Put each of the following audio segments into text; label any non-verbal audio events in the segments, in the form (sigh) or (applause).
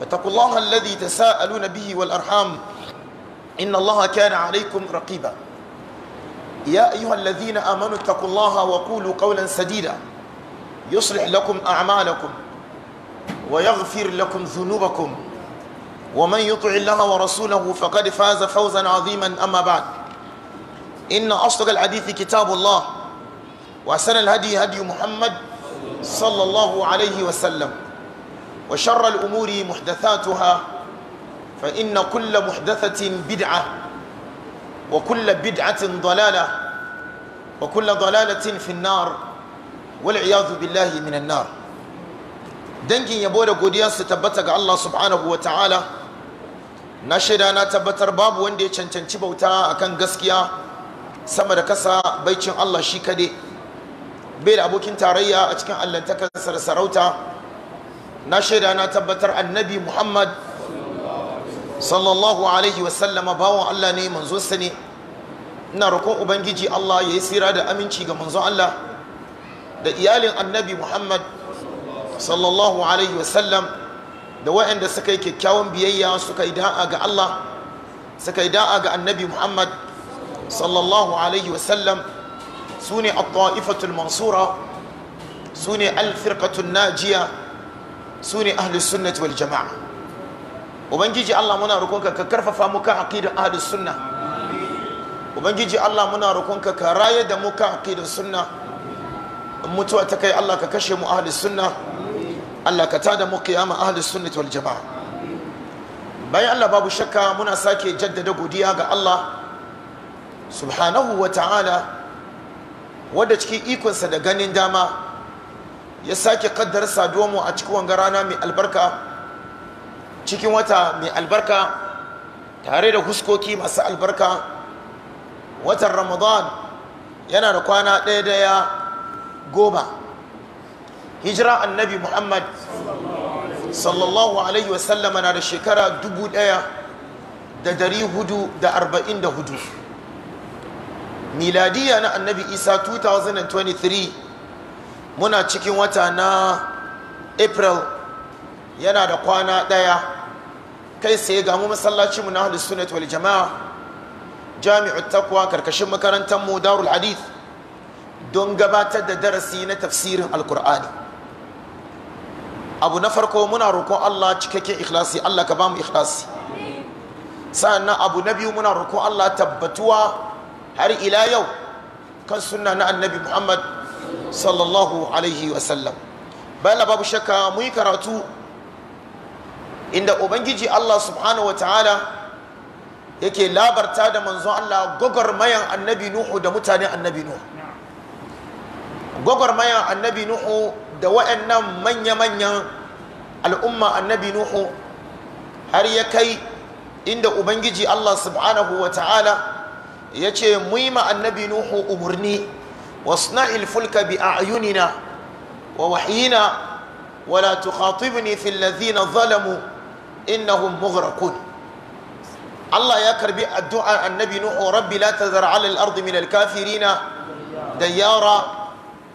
واتقوا الله الذي تساءلون به والأرحام إن الله كان عليكم رقيبا يا أيها الذين آمنوا اتقوا الله وقولوا قولا سديدا يصلح لكم أعمالكم ويغفر لكم ذنوبكم ومن يطع الله ورسوله فقد فاز فوزا عظيما أما بعد إن أصدق الحديث كتاب الله وأحسن الهدي هدي محمد صلى الله عليه وسلم وشر الأمور محدثاتها فإن كل محدثة بدعة وكل بدعة ضلالة وكل ضلالة في النار والعياذ بالله من النار dangin yabo da godiya su tabbata ga Allah subhanahu wa ta'ala na shaida na tabbatar babu wanda ya cancanci bauta akan gaskiya sama da kasa baicin Allah shi kadai, bai da abokin tarayya a cikin allahntakarsa da sarauta na shaida na tabbatar annabi muhammad sallallahu alaihi wasallama bawan allah ne manzo sa ne ina roƙon ubangiji allah ya yi tsira da aminci ga manzo allah da iyalin annabi muhammad sallallahu alaihi wasallam da waɗanda suka yi kyakkyawan biyayya suka yi da'a ga allah suka yi da'a ga annabi muhammad sallallahu alaihi wasallam su ne a ta'ifatul mansura su ne alfirkatun najiya su ne ahlus sunnati wal jama'a ubangiji Allah muna rukunka ka karfafa mu kan aqidar suna. ubangiji Allah muna rukunka ka raye da mu kan aqidar sunna mutuwa ta kai Allah ka kashe mu ahlus suna. Allah ka tada mu qiyama ahlus wal jama'a bayan Allah babu shakka muna sake jaddada godiya ga Allah subhanahu wa ta'ala wadda cikin ikonsa da ganin dama ya sake kaddar saduwar mu a cikin wanga rana mai albarka cikin wata mai albarka tare da huskoki masu albarka watan ramadan yana da kwana ɗaya daya goma hijira annabi muhammad sallallahu alaihi wasallama na da shekara dubu ɗaya da dari hudu da arba'in da hudu miladiya na annabi isa 2023 muna cikin wata na april yana da kwana ɗaya kai sai ga mu masallacinmu na ahlus sunnah wal jama'a jami'u takwa karkashin makarantar mu darul hadith don gabatar da darasi na tafsirin alkur'ani abu na farko muna roƙon Allah cikakken ikhlasi Allah ka bamu ikhlasi sannan abu na biyu muna roƙon Allah tabbatuwa har ila yau kan sunna na annabi Muhammad sallallahu alaihi wasallam bayan babu shakka muyi karatu inda ubangiji allah subhanahu wa ta'ala yake labarta da manzo allah gwagwarmayan annabi nuhu da mutane annabi nuhu gwagwarmayan annabi nuhu da wa'annan manya-manyan al'umma annabi nuhu har ya kai inda ubangiji allah subhanahu wa ta'ala ya ce muyi ma annabi nuhu umarni واصنع الفلك بأعيننا ووحينا ولا تخاطبني في الذين ظلموا إنهم مغرقون الله يا كربي الدعاء النبي نوح ربي لا تذر على الأرض من الكافرين ديارا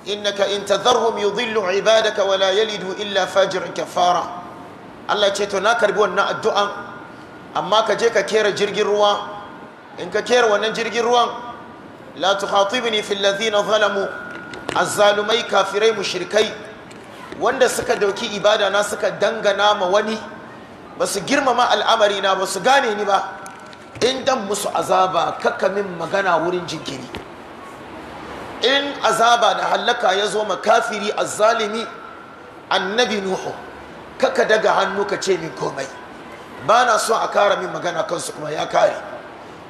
إنك إن تذرهم يضل عبادك ولا يلدوا إلا فاجر كفارا الله يتشيتو نا كربي وانا الدعاء أما كجيكا كير جرجر روان إنك كير وانا جرجر روان la tukhatibni fil ladhina zalamu azzalumai kafirai mushrikai wanda suka dauki ibada na suka dangana ma wani ba su girmama al'amari na ba su gane ni ba in dan musu azaba kaka min magana wurin jinkiri in azaba da hallaka ya zo makafiri azzalimi annabi nuhu kaka daga hannu ka ce min komai ba na so a kara min magana kansu kuma ya kare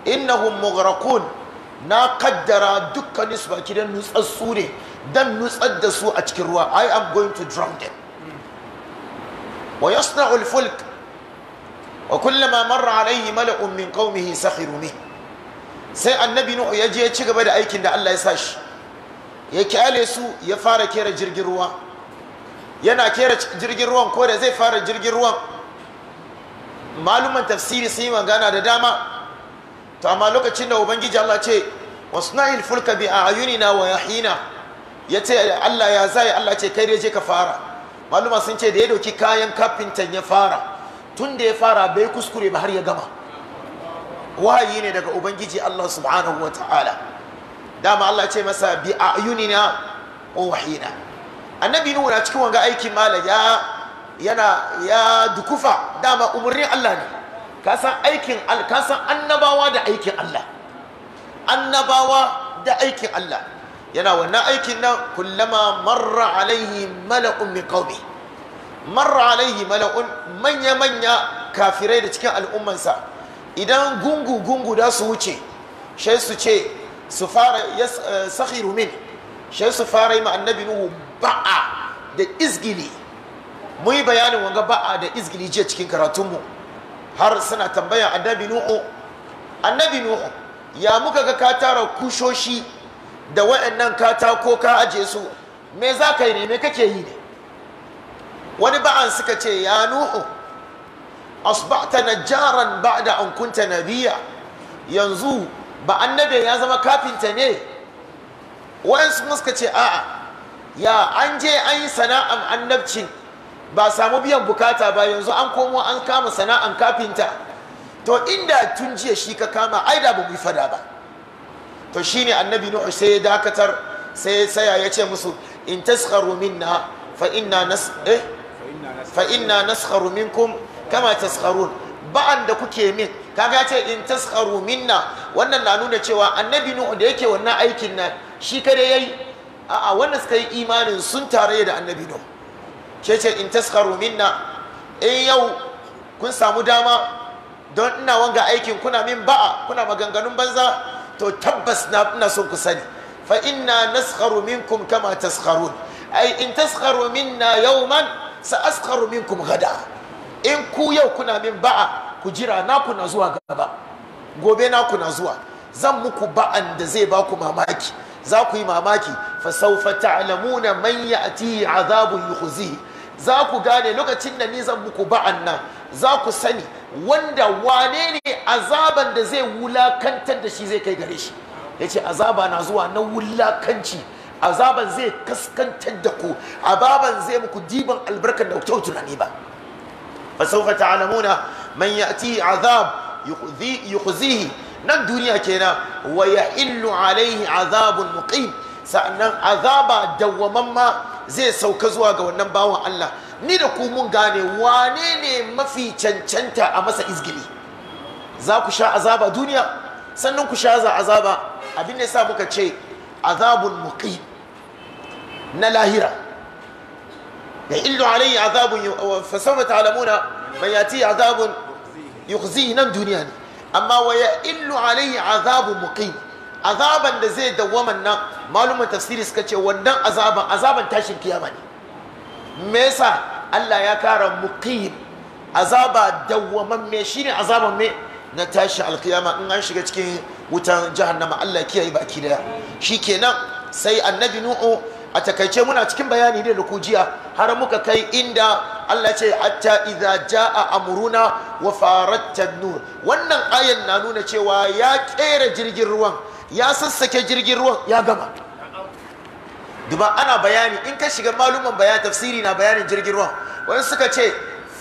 innahum mughraqun na kaddara dukkanin su baki dan nutsatsu ne don nutsar da su a cikin ruwa i am going to drown them wa yasna'u al-fulk wa kullama marra alaihi mala'un min qaumihi sakhiru rumi. sai annabi nuhu ya je ya ci gaba da aikin da Allah ya sa shi ya kyale su ya fara kera jirgin ruwa yana kera jirgin ruwan ko da zai fara jirgin ruwan maluman tafsiri sun yi magana da dama to amma lokacin da ubangiji Allah ce wasna'il fulka bi ayunina wa yahina yace Allah ya zai Allah ce kai reje ka fara maluma sun ce da ya doki kayan kafintan ya fara tun da ya fara bai kuskure ba har ya gama wahayi ne daga ubangiji Allah subhanahu wataala dama Allah ce masa bi ayunina wa yahina annabi nuhu na cikin wanga aikin malaya yana ya dukufa dama umurni Allah ne ka san aikin ka san annabawa da aikin Allah annabawa da aikin Allah yana wannan aikin nan kullama marra alaihi mala'un min qaumi marra alaihi mala'un manya manya kafirai da cikin al'ummansa idan gungu gungu da su wuce shai su ce su fara eh, sakhiru min shai su fara yi ma annabi nuhu ba'a da izgili mu yi bayanin wanga ba'a da izgili jiya cikin karatunmu har suna tambaya annabi nuhu annabi nuhu ya muka ga ka tara kushoshi da wa'annan katako ka aje su me za ka yi ne me kake yi ne wani ba'an suka ce ya nuhu asba'ta najaran ba'da an kunta nabiya yanzu ba annabi ya zama kafinta ne wayansu suka ce a'a ya an je an yi sana'an annabcin ba samu biyan bukata ba yanzu an komo an kama sana'an kafinta to inda tun jiya shi ka kama ai da ba fada ba to shine annabi nuhu sai ya dakatar sai ya saya ya ce musu in taskharu minna fa inna nas eh fa inna naskharu minkum kama taskharun ba'an da kuke min kaga ce in taskharu minna wannan na nuna cewa annabi nuhu da yake wannan aikin nan shi da yayi a'a wannan suka yi imanin sun tare da annabi nuhu ke ce in taskaru minna in eh, yau kun samu dama don ina wanga aikin kuna min ba'a kuna maganganun banza to tabbas na ina son ku sani fa inna naskharu minkum kama taskharun ai in taskharu minna yawman sa askharu minkum gada in ku yau kuna min ba'a ku jira na kuna zuwa gaba gobe na kuna zuwa zan muku ba'an da zai ba ku mamaki za ku yi mamaki fa sawfa ta'lamuna man ya'ti azabun yukhzihi za ku gane lokacin da ni zan muku ba'an nan za ku sani wanda wane ne azaban da zai wulakantar da shi zai kai gare shi ya ce azaba na zuwa na wulakanci azaban zai kaskantar da ku baban zai muku diban albarkar da ku tunani ba fa sawfa ta'lamuna man ya'ti azab yukhzihi nan duniya kenan wa yahillu alaihi azabun muqim sa'annan azaba ma zai sauka zuwa ga wannan bawan Allah ni da ku mun gane wane ne mafi cancanta a masa izgili za ku sha azaba duniya sannan ku sha za azaba abin da yasa muka ce azabun muqi na lahira ya illu alayhi azabun fa sawfa ta'lamuna man yati azabun yukhzihi nan duniya ne amma wa ya illu alayhi azabun muqim azaban da zai dawwaman nan malumin tafsiri suka ce wannan azaban azaban tashin kiyama ne me yasa Allah ya kara muqim azaba dawwaman me shine azaban me na tashi alkiyama in an shiga cikin wutan jahannama Allah kiyaye baki daya shikenan sai annabi nu'u a takaice muna cikin bayani ne da kujiya har muka kai inda Allah ce hatta idza jaa amruna wa faratta nur wannan ayan na nuna cewa ya kera jirgin ruwan ya sassake jirgin ruwan ya gama duba ana bayani in ka shiga maluman bayan tafsiri na bayanin jirgin ruwan wani suka ce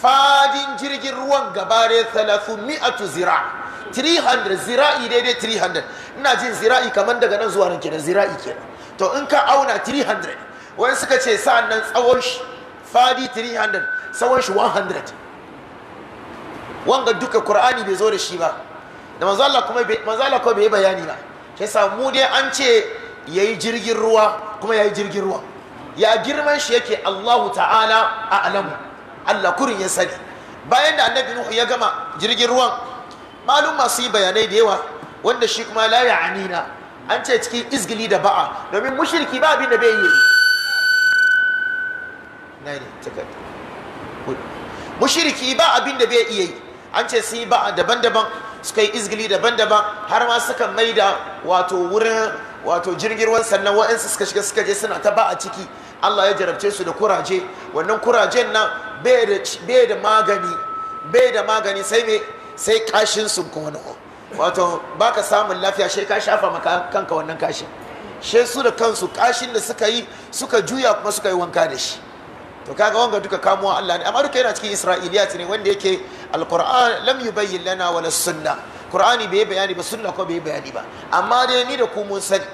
fadin jirgin ruwan gaba da talatu mi'atu zira 300 zira'i daidai 300 ina jin zira'i kamar daga nan zuwa nan kenan zira'i kenan to in ka auna 300 wani suka ce sa'an nan tsawon shi fadi 300 tsawon shi 100 wanga duka qur'ani bai zo da shi ba da manzo Allah kuma bai manzo Allah kuma bai bayani ba kisa mu dai an ce ya yi jirgin ruwa kuma ya yi jirgin ruwa ya girman shi yake Allahu ta'ala a alamu Allah kurin ya sani bayan da annabi Nuhu ya gama jirgin ruwan malum masu yi bayanai da yawa wanda shi kuma la anina, an ce cikin izgili da ba'a domin mushirki ba abin da bai yi mushirki ba abin da bai iya yi an ce sun yi ba'a daban-daban suka yi izgili daban-daban har ma suka maida wato wurin wato jirgin ruwan sannan wa'ansu suka shiga suka je suna ta ba a ciki Allah ya jarabce su da kuraje wannan kurajen nan bai da magani bai da magani sai me sai kashin sun kono wato baka samun lafiya sai ka shafa maka kanka wannan kashin sai su da kansu kashin da suka yi suka juya kuma suka yi wanka da shi to kaga wanga duka kamuwa Allah ne amma duka yana cikin Isra'iliyat ne wanda yake alquran lam yubayyin lana wala sunna qur'ani bai bayani ba sunna ko bai bayani ba amma dai ni da ku mun sani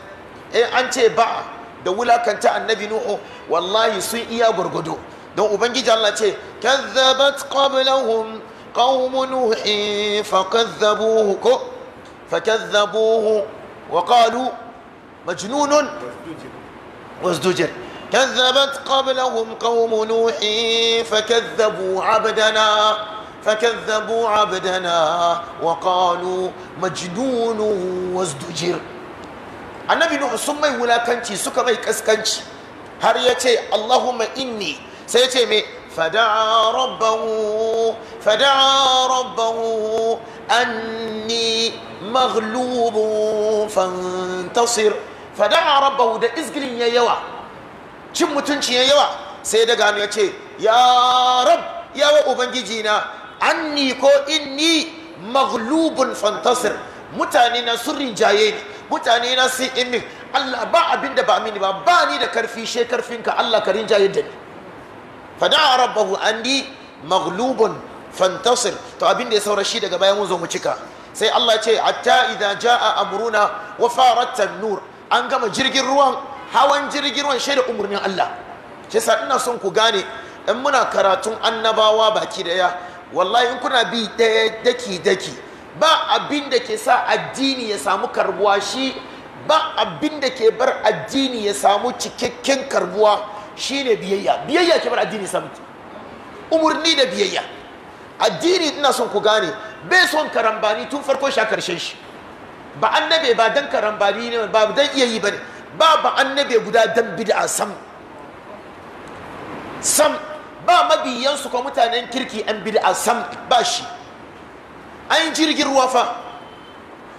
eh an ce ba da wulakanta annabi nuhu wallahi sun iya gurgudo don ubangiji Allah ce kazzabat qablahum قوم ko فكذبوه wa qalu majnunun wasdujir wasdujir كذبت قبلهم قوم نوح فكذبوا عبدنا فكذبوا عبدنا وقالوا مجنون وازدجر annabi nuhu sun mai wulakanci suka mai ƙaskanci. har ya ce allahumma inni sai ya ce me fada'a rabbahu fada'a rabbahu anni maghlubun fantasir fada'a rabbahu da izgirin ya yawa cin mutunci ya yawa sai da gano ya ce ya rab yawa ubangiji na anni ko inni maghlubun fantasir mutane na sun rinjaye ni mutane na sun inni Allah ba abin da ba mini ba ba ni da karfi she karfinka Allah ka rinjaye da ni fada rabbahu anni maghlubun fantasir to abin da ya saura shi daga bayan mun zo mu cika sai Allah ya ce hatta ja jaa amruna wa farat nur an gama jirgin ruwan hawan jirgin ruwan shaida umarnin Allah shi yasa ina son ku gane in muna karatun annabawa baki daya wallahi in kuna bi daya daki daki ba abin da ke sa addini ya samu karbuwa shi ba abin da ke bar addini ya samu cikakken karbuwa shine biyayya biyayya ke bar addini samu umarni da biyayya addini ina son ku gane bai son karambani tun farko shi a karshen shi ba annabe ba dan karambani ne ba dan iya yi bane ba annabi guda dan bid'a sam sam ba mabiyansu ko mutanen kirki an bid'a sam ba shi an jirgin ruwa fa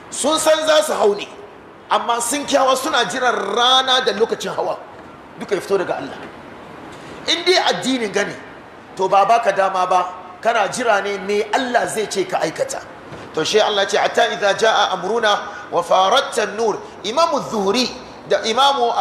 sun san za su hau ne amma sun kyawa suna jiran rana da lokacin hawa duka ya fito daga Allah in dai addinin gane to ba baka dama ba kana jira ne me Allah zai ce ka aikata to shi Allah ce hatta idza jaa amruna wa faratta nur imam az-zuhri da imamu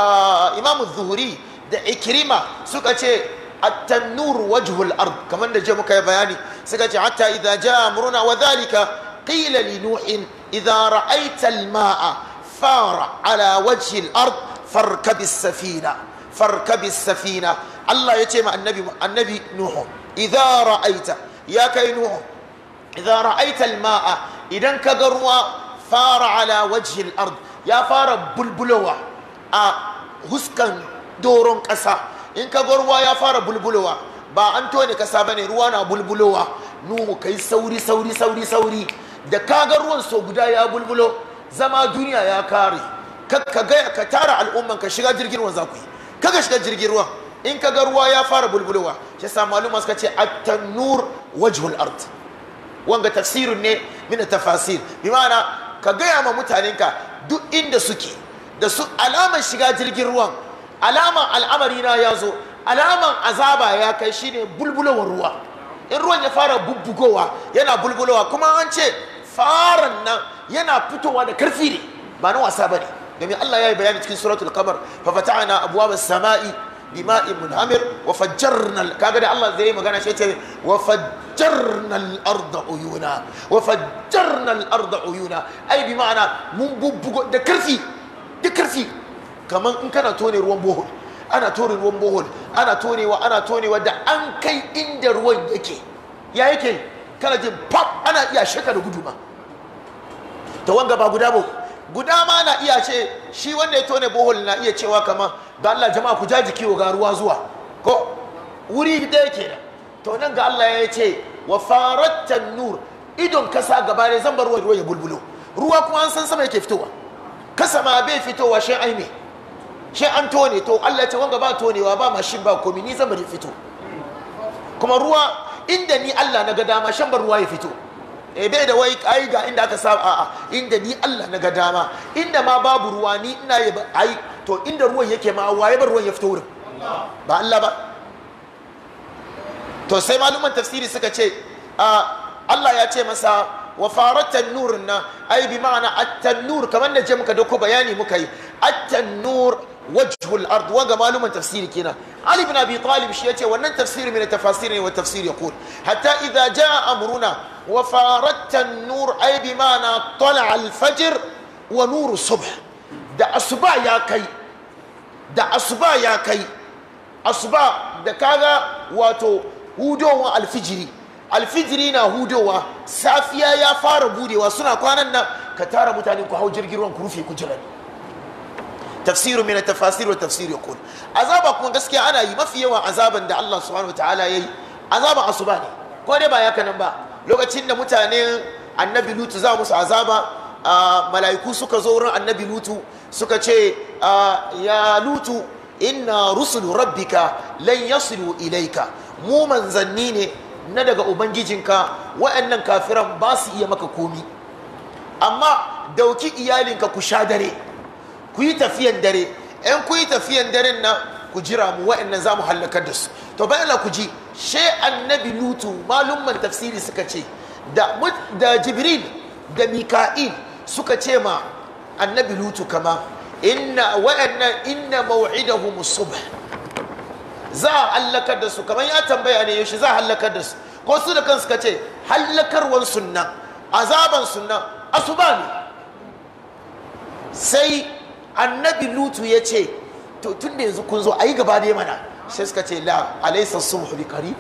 imamu zuhuri da ikrima suka ce at-tannur wajhul ard kamar da je muka yi bayani suka ce hatta idza jaa amruna wa dhalika qila li nuhin idza ra'aita al-ma'a fara ala wajhi al-ard farkab as-safina farkab as-safina Allah ya ce ma annabi annabi nuhu idza ra'aita ya kai nuhu idza ra'aita al-ma'a idan ka ga ruwa fara ala wajhi al-ard ya fara bulbulowa a huskan doron ƙasa in ka ga ruwa ya fara bulbulowa ba an tone kasa bane ruwa na bulbulowa nuhu kai sauri sauri sauri sauri da ka ga ruwan so guda ya bulbulo zama duniya ya kare ka gaya ka tara al'umman ka shiga jirgin ruwan zaku yi kaga shiga jirgin ruwan in ka ga ruwa ya fara bulbulowa ya sa maluma suka ce at-tanur wajhul ard wanga tafsirun ne min tafasir bi ma'ana ka gaya ma mutanenka duk inda suke da su alamar shiga jirgin ruwan alaman al'amari na ya zo alaman azaba ya kai shine bulbulowar ruwa in ruwan ya fara bubbugowa yana bulbulowa kuma an ce faran nan yana fitowa da karfi ne ba na wasa bane domin Allah ya yi bayani cikin suratul qamar na abuwa ba sama'i bima'in munhamir wa fajjarna kaga da Allah zai yi magana shi ce wa fajjarna al-arda uyuna wa fajjarna al-arda uyuna ai bi ma'ana mun bubbugo da karfi da karfi kamar in kana tone ruwan bohol ana tone ruwan bohol ana tonewa ana tonewa da an kai inda ruwan yake ya yake kana jin pop ana iya shaka da guduma ta wanga ba guda ba guda ma na iya ce shi wanda ya tone bohol na iya cewa kama da Allah jama'a ku jaji kiwo ga ruwa zuwa ko wuri da yake da to nan ga Allah ya ce wa faratan nur idon kasa gaba ne zan bar ruwa ya bulbulo ruwa kuma an san sama yake fitowa kasa ma bai fitowa shi ai ne shi an tone to Allah ce wanga ba tonewa ba mashin ba komi ni zan bari fito kuma ruwa inda ni Allah na ga dama shan bar ruwa ya fito eh bai da wai ai ga inda aka saba a'a inda ni Allah na ga dama inda ma babu ruwa ni ina yi ai to inda ruwan yake ma waye bar ruwan ya fito wurin ba Allah ba to sai maluman tafsiri suka ce Allah ya ce masa wa fara na ai bi ma'ana at-tannur kamar na je muka dauko bayani muka yi at-tannur wajhul ard wa ga maluman tafsiri kenan ali ibn abi talib shi yace wannan tafsiri min tafasir ne wa tafsir yaqul hatta idza jaa amruna wafaratan nur tannur ai bi ma'ana tala al-fajr wa nur subh da asuba ya kai da asuba ya kai asuba da kaga wato hudowar alfijiri alfijiri na hudowa safiya ya fara budewa suna kwanan nan ka tara mutane ku hau jirgin ruwan ku rufe ku jira tafsiru tafasiru tafasir tafsiru tafsir yaqul azaba kuma gaskiya ana yi mafi yawan azaban da Allah subhanahu ya yi. azaba asuba ne ko dai ba ya nan ba lokacin da mutanen annabi lutu za musu azaba mala'iku suka zo wurin annabi lutu suka ce ya lutu inna rusulu rabbika lan yasilu ilaika mu manzanni ne na daga ubangijinka wa'annan kafiran ba su iya maka komi amma dauki iyalinka ku sha dare ku yi tafiyan dare yan ku yi tafiyan daren na ku jira mu wa'annan za mu hallakar da su to bayan ku ji she annabi lutu malumman tafsiri suka ce da da jibril da mika'il suka ce ma annabi lutu kama inna wa'annan inna maw'idahum musubah za a hallakar da su kamar ya tambaya ne yaushe za a hallakar da su ko su da kansu ka ce hallakarwan sunna azaban sunna asuba ne sai annabi lutu ya ce to tun da yanzu kun zo a yi gaba da mana sai suka ce la alaisa subhu bi qarib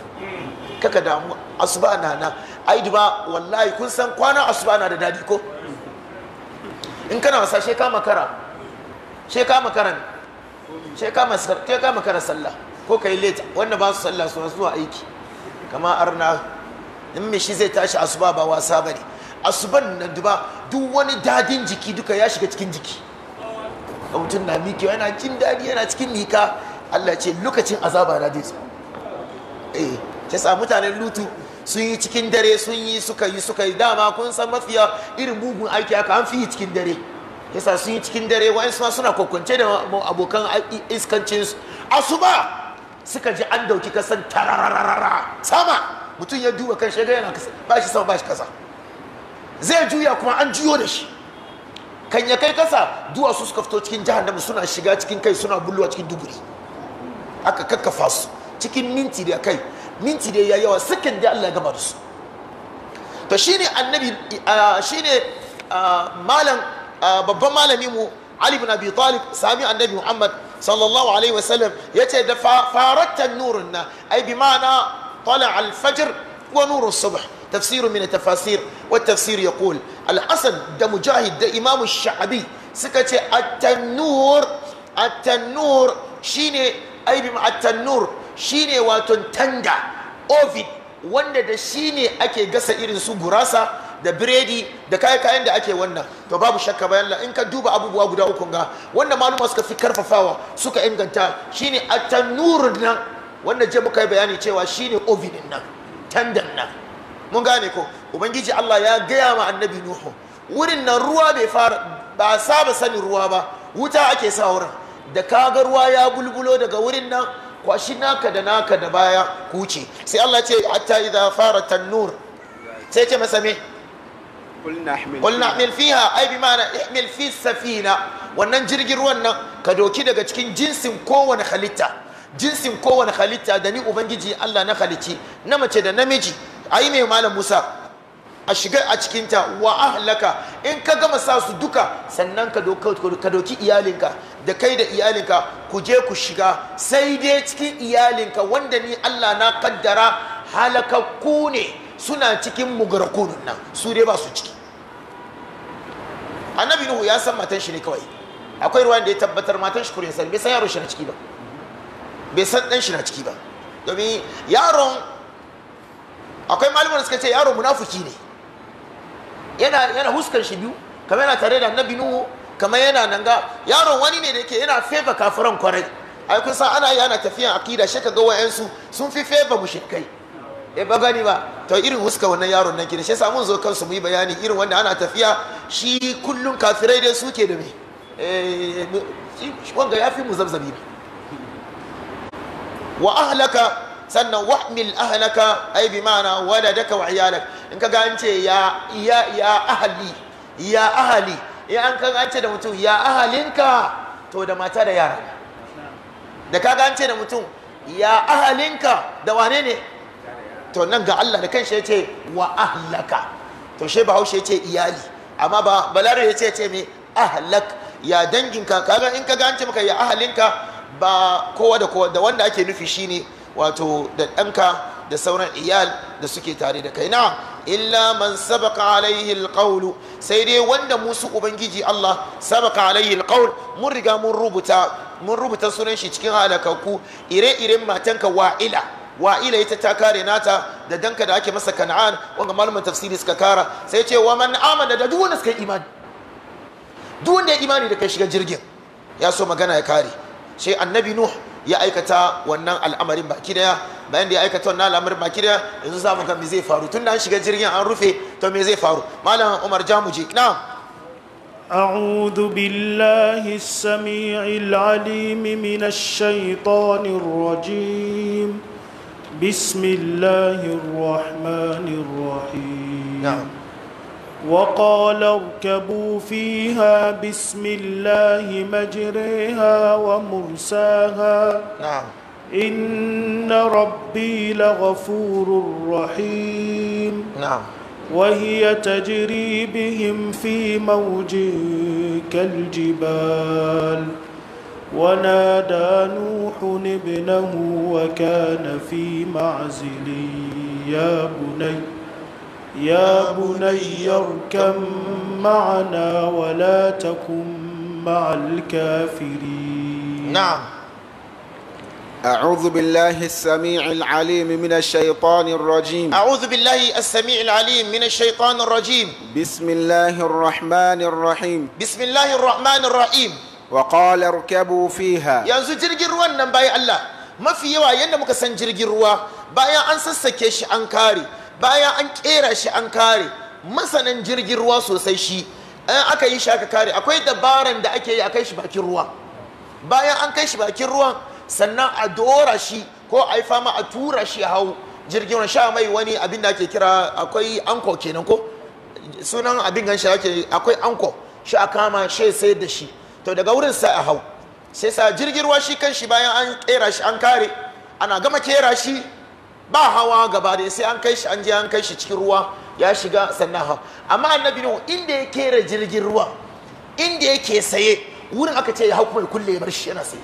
kaka damu asuba na na ai duba wallahi kun san kwana asuba na da dadi ko in kana wasa she ka makara Sheka makara ne she ka makara sallah ko kai late wanda ba su sallah suna zuwa aiki kama arna in me shi zai tashi asuba ba wasa bane asuban na duba duk wani dadin jiki duka ya shiga cikin jiki ga mutum na yana jin dadi yana cikin nika Allah ce lokacin azaba na dai eh ta sa mutanen lutu sun yi cikin dare sun yi suka yi suka yi dama kun san mafiya irin mugun aiki haka an fi yi cikin dare yasa sun yi cikin dare wa'in suna kwakwance da abokan iskancinsu asuba suka ji an dauki kasan tarararara sama mutum ya duba kan shiga yana kasa ba shi sama ba shi kasa zai juya kuma an juyo da shi kan ya kai kasa duwatsu suka fito cikin jahannama suna shiga cikin kai suna bullowa cikin duburi aka kakkafa su cikin minti da kai minti da ya yawa sakin da Allah ya gama da su to shine annabi shine malam babban malami mu Ali ibn Abi Talib sami annabi Muhammad sallallahu alaihi wasallam ya ce da farattan nurin na ai bi ma'ana tala alfajir wa nurun subh tafsiru min tafasir wa tafsir ya kul al'asan da mujahid da imamu sha'abi suka ce attannur attannur shine ai bi attannur shine wato tanda ovid wanda da shi ne ake gasa irin su gurasa da biredi da kayan kayan da ake wannan to babu shakka bayan la in ka duba abubuwa guda uku ga wanda maluma suka fi karfafawa suka inganta shine at-tanurun nan wanda je muka yi bayani cewa shine oven nan tandan nan mun gane ko ubangiji Allah ya gaya ma annabi nuhu wurin nan ruwa bai fara ba saba sanin ruwa ba wuta ake sa wurin da kaga ruwa ya bulbulo daga wurin nan kwashi naka da naka da baya kuce sai Allah ce hatta idza fara tanur sai ce masa me قلنا احمل فيها اي بمعنى احمل في السفينه wannan jirgin ruwan nan ka doki daga cikin jinsin kowane halitta jinsin kowane halitta da ni ubangiji Allah na halici na mace da namiji ayi mai malam Musa a shiga a cikinta wa ahlaka in ka gama sa su duka sannan ka doki iyalinka da kai da iyalinka ku je ku shiga sai dai cikin iyalinka wanda ni Allah na kaddara halakakku ne suna cikin mugarakunun nan su dai ba su ciki annabi nuhu ya san matan shi ne kawai akwai ruwan da ya tabbatar matan shi kurin sani bai san yaron shi na ciki ba bai san dan shi na ciki ba domin yaron akwai da suka ce yaron munafuki ne yana yana huskar shi biyu kamar yana tare da annabi nuhu kamar yana nan ga yaron wani ne da yake yana fefa kafiran kwarai ai kun san ana yi ana tafiyan akida shi ka ga wayansu sun fi fefa mushrikai eh ba gani ba to irin huska wannan yaron nan kenan shi yasa mun zo kansu mu yi bayani irin wanda ana tafiya shi kullun kafirai dai suke da me eh wanga yafi mu zabzabi wa ahlaka sannan wa'mil ahlaka ai bi ma'ana waladaka wa iyalak in ka an ce ya ya ya ahli ya ahli in an ka an ce da mutum ya ahalinka to da mata da yara da ka an ce da mutum ya ahalinka da wane ne to nan ga Allah da kanshi yace wa ahlaka to she bahaushe yace iyali amma ba balare yace yace me ahlak ya danginka kaga in ka gance maka ya ahalinka ba kowa da kowa da wanda ake nufi shine wato da ɗanka da sauran iyal da suke tare da kai na illa man sabaka alaihi alqawlu sai dai wanda musu ubangiji Allah sabaka alaihi alqawl mun riga mun rubuta mun rubuta sunan shi cikin halakakku ire-iren matanka wa'ila wa'ila ita ta kare nata da danka da ake masa kan'an wanga malamin tafsiri suka kara sai ce wa man amana da duk wanda suka imani duk wanda ya imani da kai shiga jirgin ya so magana ya kare sai annabi nuh ya aikata wannan al'amarin baki daya bayan da ya aikata wannan al'amarin baki daya yanzu za mu ga me zai faru tunda an shiga jirgin an rufe to me zai faru malam umar jamuje na'am أعوذ بالله السميع العليم من الشيطان الرجيم بسم الله الرحمن الرحيم نعم وقال اركبوا فيها بسم الله مجريها ومرساها نعم إن ربي لغفور رحيم نعم وهي تجري بهم في موج كالجبال ونادى نوح ابنه وكان في معزل يا بني يا بني اركم معنا ولا تكن مع الكافرين نعم أعوذ بالله السميع العليم من الشيطان الرجيم أعوذ بالله السميع العليم من الشيطان الرجيم بسم الله الرحمن الرحيم بسم الله الرحمن الرحيم wa qala fiha yanzu jirgin ruwan nan bayan Allah mafi yawa yadda muka san jirgin ruwa bayan an sassake shi an kare bayan an kera shi an kare masanan jirgin ruwa sosai shi an aka yi shi aka kare akwai dabaran da ake yi a kai shi bakin ruwa bayan an kai shi bakin ruwa, sannan a dora shi ko a yi fama a tura shi a hau jirgin ruwan sha mai wani abin da ake kira akwai anko kenan ko sunan abin gan shi ake akwai anko shi a kama shi sai da shi to daga wurin sai a hau sai sa jirgin ruwa shi shi bayan an kera shi an kare ana gama kera shi ba hawa gaba da sai an kai shi an je an kai shi cikin ruwa ya shiga sannan hau amma annabi nuhu inda ya kera jirgin ruwa inda yake saye wurin aka ce ya hau kuma ya kulle ya bar shi yana saye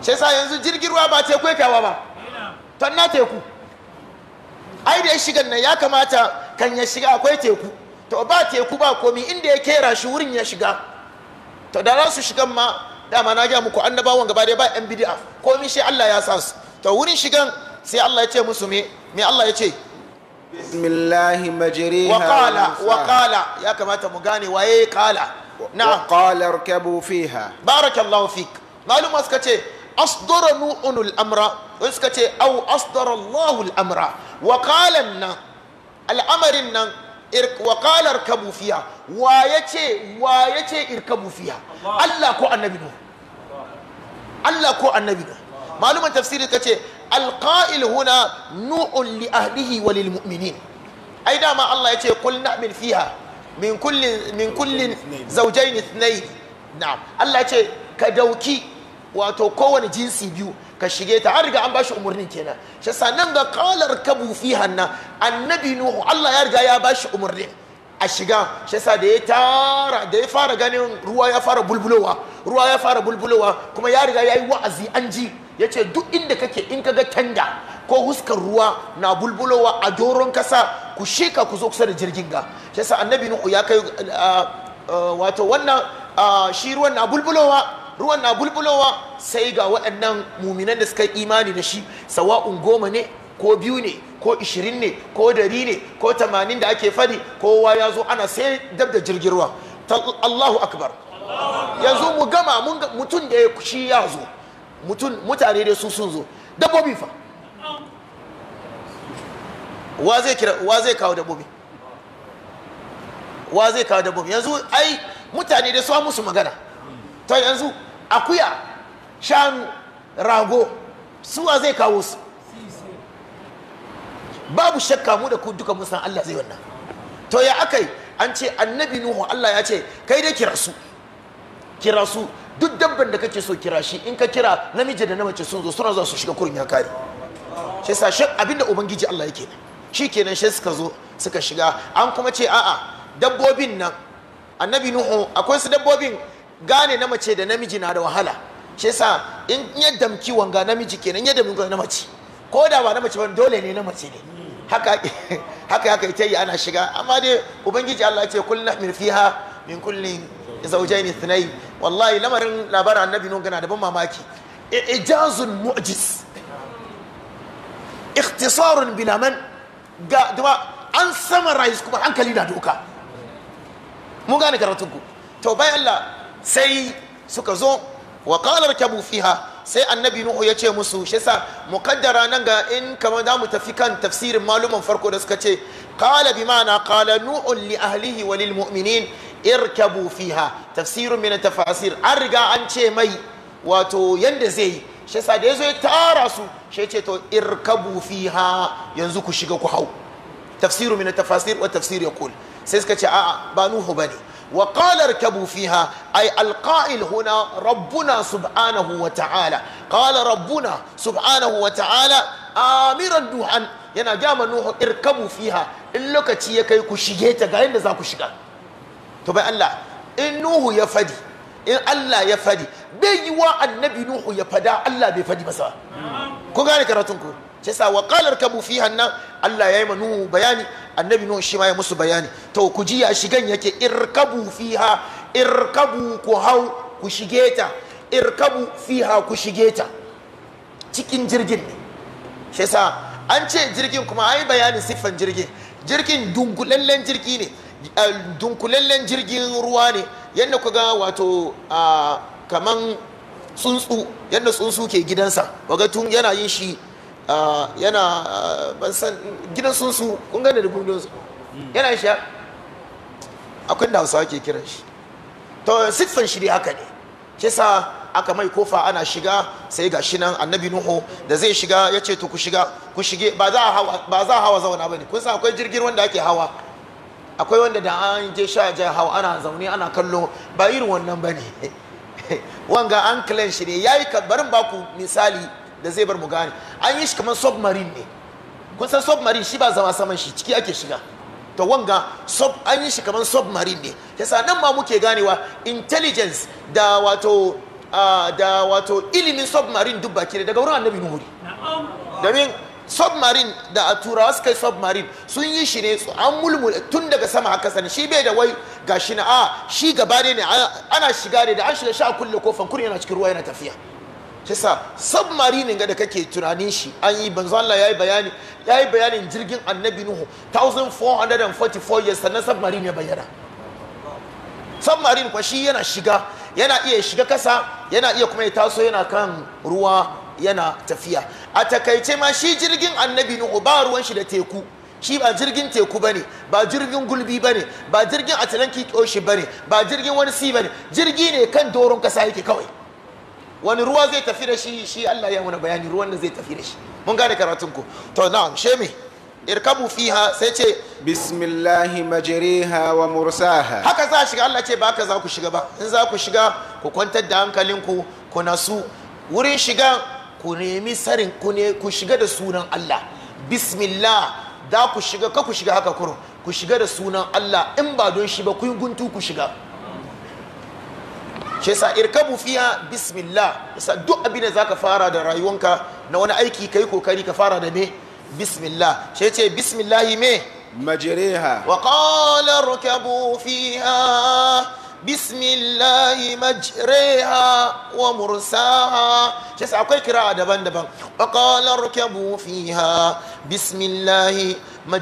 sai sa yanzu jirgin ruwa ba teku kawa ba To na teku ai da ya shiga nan ya kamata kan ya shiga akwai teku to ba teku ba komi inda ya kera shi wurin ya shiga to da za su shigan ma dama na gaya muku annabawan gaba dai ba yan bid'a komai shi Allah ya sa su to wurin shigan sai Allah ya ce musu me me Allah ya ce bismillahi majriha wa qala wa qala ya kamata mu gane waye qala na'am qala irkabu fiha barakallahu fik maluma suka ce asdara nu'unul amra suka ce au asdara Allahul amra wa qala nan al'amarin nan wakalar kabufiya wa ya ce wa ya ce irkabufiya Allah ko annabi no Allah ko annabi no malumin tafsiri ta ce Alƙa'il huna nu'un li ahlihi wa lil mu'minin ai dama Allah ya ce kul na'min fiha min kullin min kullin zawjayn ithnayn na'am Allah ya ce ka dauki wato kowane jinsi biyu ka shige ta an riga an bashi umarnin kenan shi nan ga kalar kabu fi hanna annabi nuhu Allah ya riga ya bashi umarni a shiga shi da ya tara da ya fara ganin ruwa ya fara bulbulowa ruwa ya fara bulbulowa kuma ya riga yayi wa'azi an ji ya duk inda kake in ka ga tanda ko huskar ruwa na bulbulowa a doron kasa ku shika ku zo kusa da jirgin ga shi annabi nuhu ya kai wato wannan shi ruwan na bulbulowa ruwan na bulbulowa sai ga waɗannan muminan da suka yi imani da shi sawa'un goma ne ko biyu ne ko ishirin ne ko dari ne ko tamanin da ake fadi kowa ya zo ana sai dab da jirgin ruwa Allahu akbar yanzu mu gama mutum da ya shi ya zo mutum mutane da su sun zo dabbobi fa wa zai kira wa zai kawo dabbobi wa zai kawo dabbobi yanzu ai mutane da su musu magana to yanzu akuya shan rago suwa zai kawo su babu shakka mu da ku duka mun san Allah zai wannan to ya akai an ce annabi nuhu Allah ya ce kai dai kira su kira su duk dabban da kake so kira shi in ka kira namiji da namace sun zo suna za su shiga kurin ya kare shi sa shi abinda ubangiji Allah yake shi kenan shi suka zo suka shiga an kuma ce a'a dabbobin nan annabi nuhu akwai su dabbobin gane na mace da namiji na da wahala shi yasa in yadda damki wanga namiji kenan ya damki wanga mace ko da ba na mace ba dole ne na ne haka (laughs) haka ita yi ana shiga amma dai ubangiji Allah ya ce kullu min fiha min kulli zawjayn ithnay wallahi lamarin labarin annabi nun gana da ban mamaki ijazun mu'jiz ikhtisarun bila man ga an sama kuma hankali na doka mun gane karatun ku to bayan Allah sai suka zo wa qala rakabu fiha sai annabi nuhu ya ce musu shi sa mukaddara nan ga in kamar za mu tafi kan tafsirin maluman farko da suka ce kala bi ma'ana li ahlihi wa lil mu'minin irkabu fiha tafsirun min tafasir an riga an ce mai wato yanda zai yi shi sa da yazo ya tara su shi ce to irkabu fiha yanzu ku shiga ku hau tafsiru min tafasir wa tafsir yaqul sai suka ce a'a ba nuhu bane وقال اركبوا فيها أي القائل هنا ربنا سبحانه وتعالى قال ربنا سبحانه وتعالى آمرا نوحا yana ga ma Nuhu irkabu fiha in lokaci ya kai ku shige ta ga yadda za ku shiga to bai Allah in Nuhu ya fadi in Allah ya fadi bai yi wa annabi Nuhu ya fada Allah bai fadi masa ku gane karatun ku shi yasa wa qala kabu fi nan Allah yayi manu bayani annabi nuhu shi ma ya musu bayani to ku ji ya shigan yake irkabu fiha irkabu ku hau ku shige ta irkabu fiha ku shige ta cikin jirgin ne an ce jirgin kuma ai bayani siffan jirgin jirgin dunkulallen jirgi ne eh, dunkulallen jirgin ruwa ne yadda ku ga wato ah, kaman tsuntsu yadda tsuntsu ke gidansa waga tun yana yin shi Ah, yana ah, ban san gidan sun su kun gane da gudun su hmm. yana sha akwai da hausawa ke kiran shi to siffan shiri haka ne shi sa aka mai kofa ana shiga sai ga shi nan annabi nuhu da zai shiga ya ce to ku shiga ku shige ba za a hawa zauna ba ne kun sa akwai jirgin wanda ake hawa akwai wanda da an je sha ja hawa ana zaune ana kallo ba irin wannan ba ne (laughs) wanga an kilan shi ne ya yi barin baku misali da zai bar mu gane an yi shi kamar submarine ne kun san submarine shi ba zama saman shi ciki ake shiga to wanga sub an yi shi kamar submarine ne yasa nan ma muke ganewa intelligence da wato da wato ilimin submarine duk baki daga wurin annabi nuhu domin submarine da a turawa suka yi submarine sun yi shi ne an mulmula tun daga sama haka sani shi bai da wai gashi na a shi gaba ne ana shiga ne da an shiga sha kulle kofan kurin yana cikin ruwa yana tafiya kisa submarine ga da kake tunanin shi an yi banzu Allah yi bayani yi bayanin jirgin annabi nuhu 1444 years sannan submarine ya bayyana submarine kwa shi yana shiga yana iya shiga kasa yana iya kuma ya taso yana kan ruwa yana tafiya a takaice ma shi jirgin annabi nuhu ba ruwan shi da teku shi ba jirgin teku bane ba jirgin gulbi bane ba jirgin atlantic ocean bane ba jirgin wani sea bane jirgi ne kan doron kasa yake kawai wani ruwa zai tafi da shi shi Allah ya wani bayani ruwan da zai tafi da shi mun gane karatun ku to na'am shemi irkabu fiha sai ce bismillahi majriha wa mursaha haka za shiga Allah ce ba ka za ku shiga ba in za ku shiga ku kwantar da hankalinku ku nasu wurin shiga ku nemi sarin ku ne ku shiga da sunan Allah bismillah da ku shiga ka ku shiga haka kurun ku shiga da sunan Allah in ba don shi ba ku yi guntu ku shiga shi yasa irkabu fiya bismillah yasa duk abin da zaka fara da rayuwanka na wani aiki kai kokari ka fara da me bismillah shi yace bismillah me majriha wa qala irkabu fiha بسم الله مجريها ومرساها شس أكوي كراءة daban دبان وقال اركبوا فيها بسم الله wa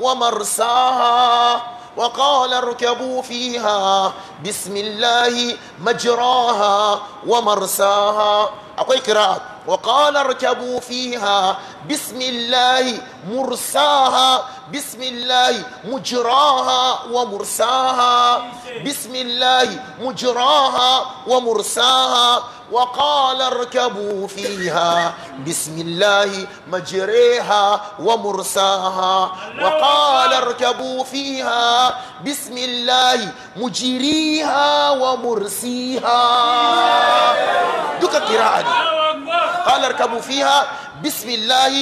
ومرساها وقال اركبوا فيها بسم الله مجراها ومرساها أقول قراءة وقال اركبوا فيها بسم الله مرساها بسم الله مجراها ومرساها بسم الله مجراها ومرساها وقال اركبوا فيها بسم الله مجريها ومرساها وقال اركبوا فيها بسم الله مجريها ومرسيها دك قراءة قال اركبوا فيها بسم الله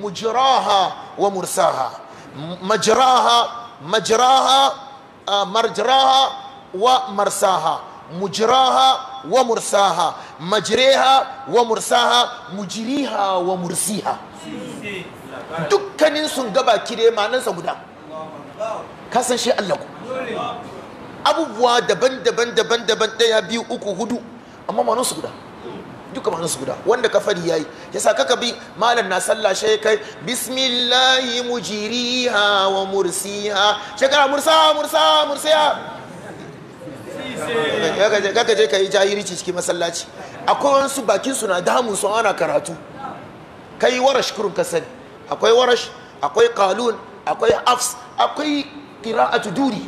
مجراها ومرساها مجراها مجراها آه، مرجراها ومرساها mujraha wa mursaha majreha wa mursaha mujriha wa mursiha dukkanin sun gaba kire manansa guda kasan shi Allah abubuwa daban-daban daban daya biyu uku hudu amma manansu guda duka ma'anarsu guda wanda ka fari yayi yasa kaka bi malam na sallah shi kai bismillahi mujiriha wa mursiha shekara mursa mursa mursiha kaka je ka yi jahilici cikin masallaci akwai wasu bakin su na ana karatu kai warash kurun ka sani akwai warash akwai kalun akwai afs akwai qira'atu duri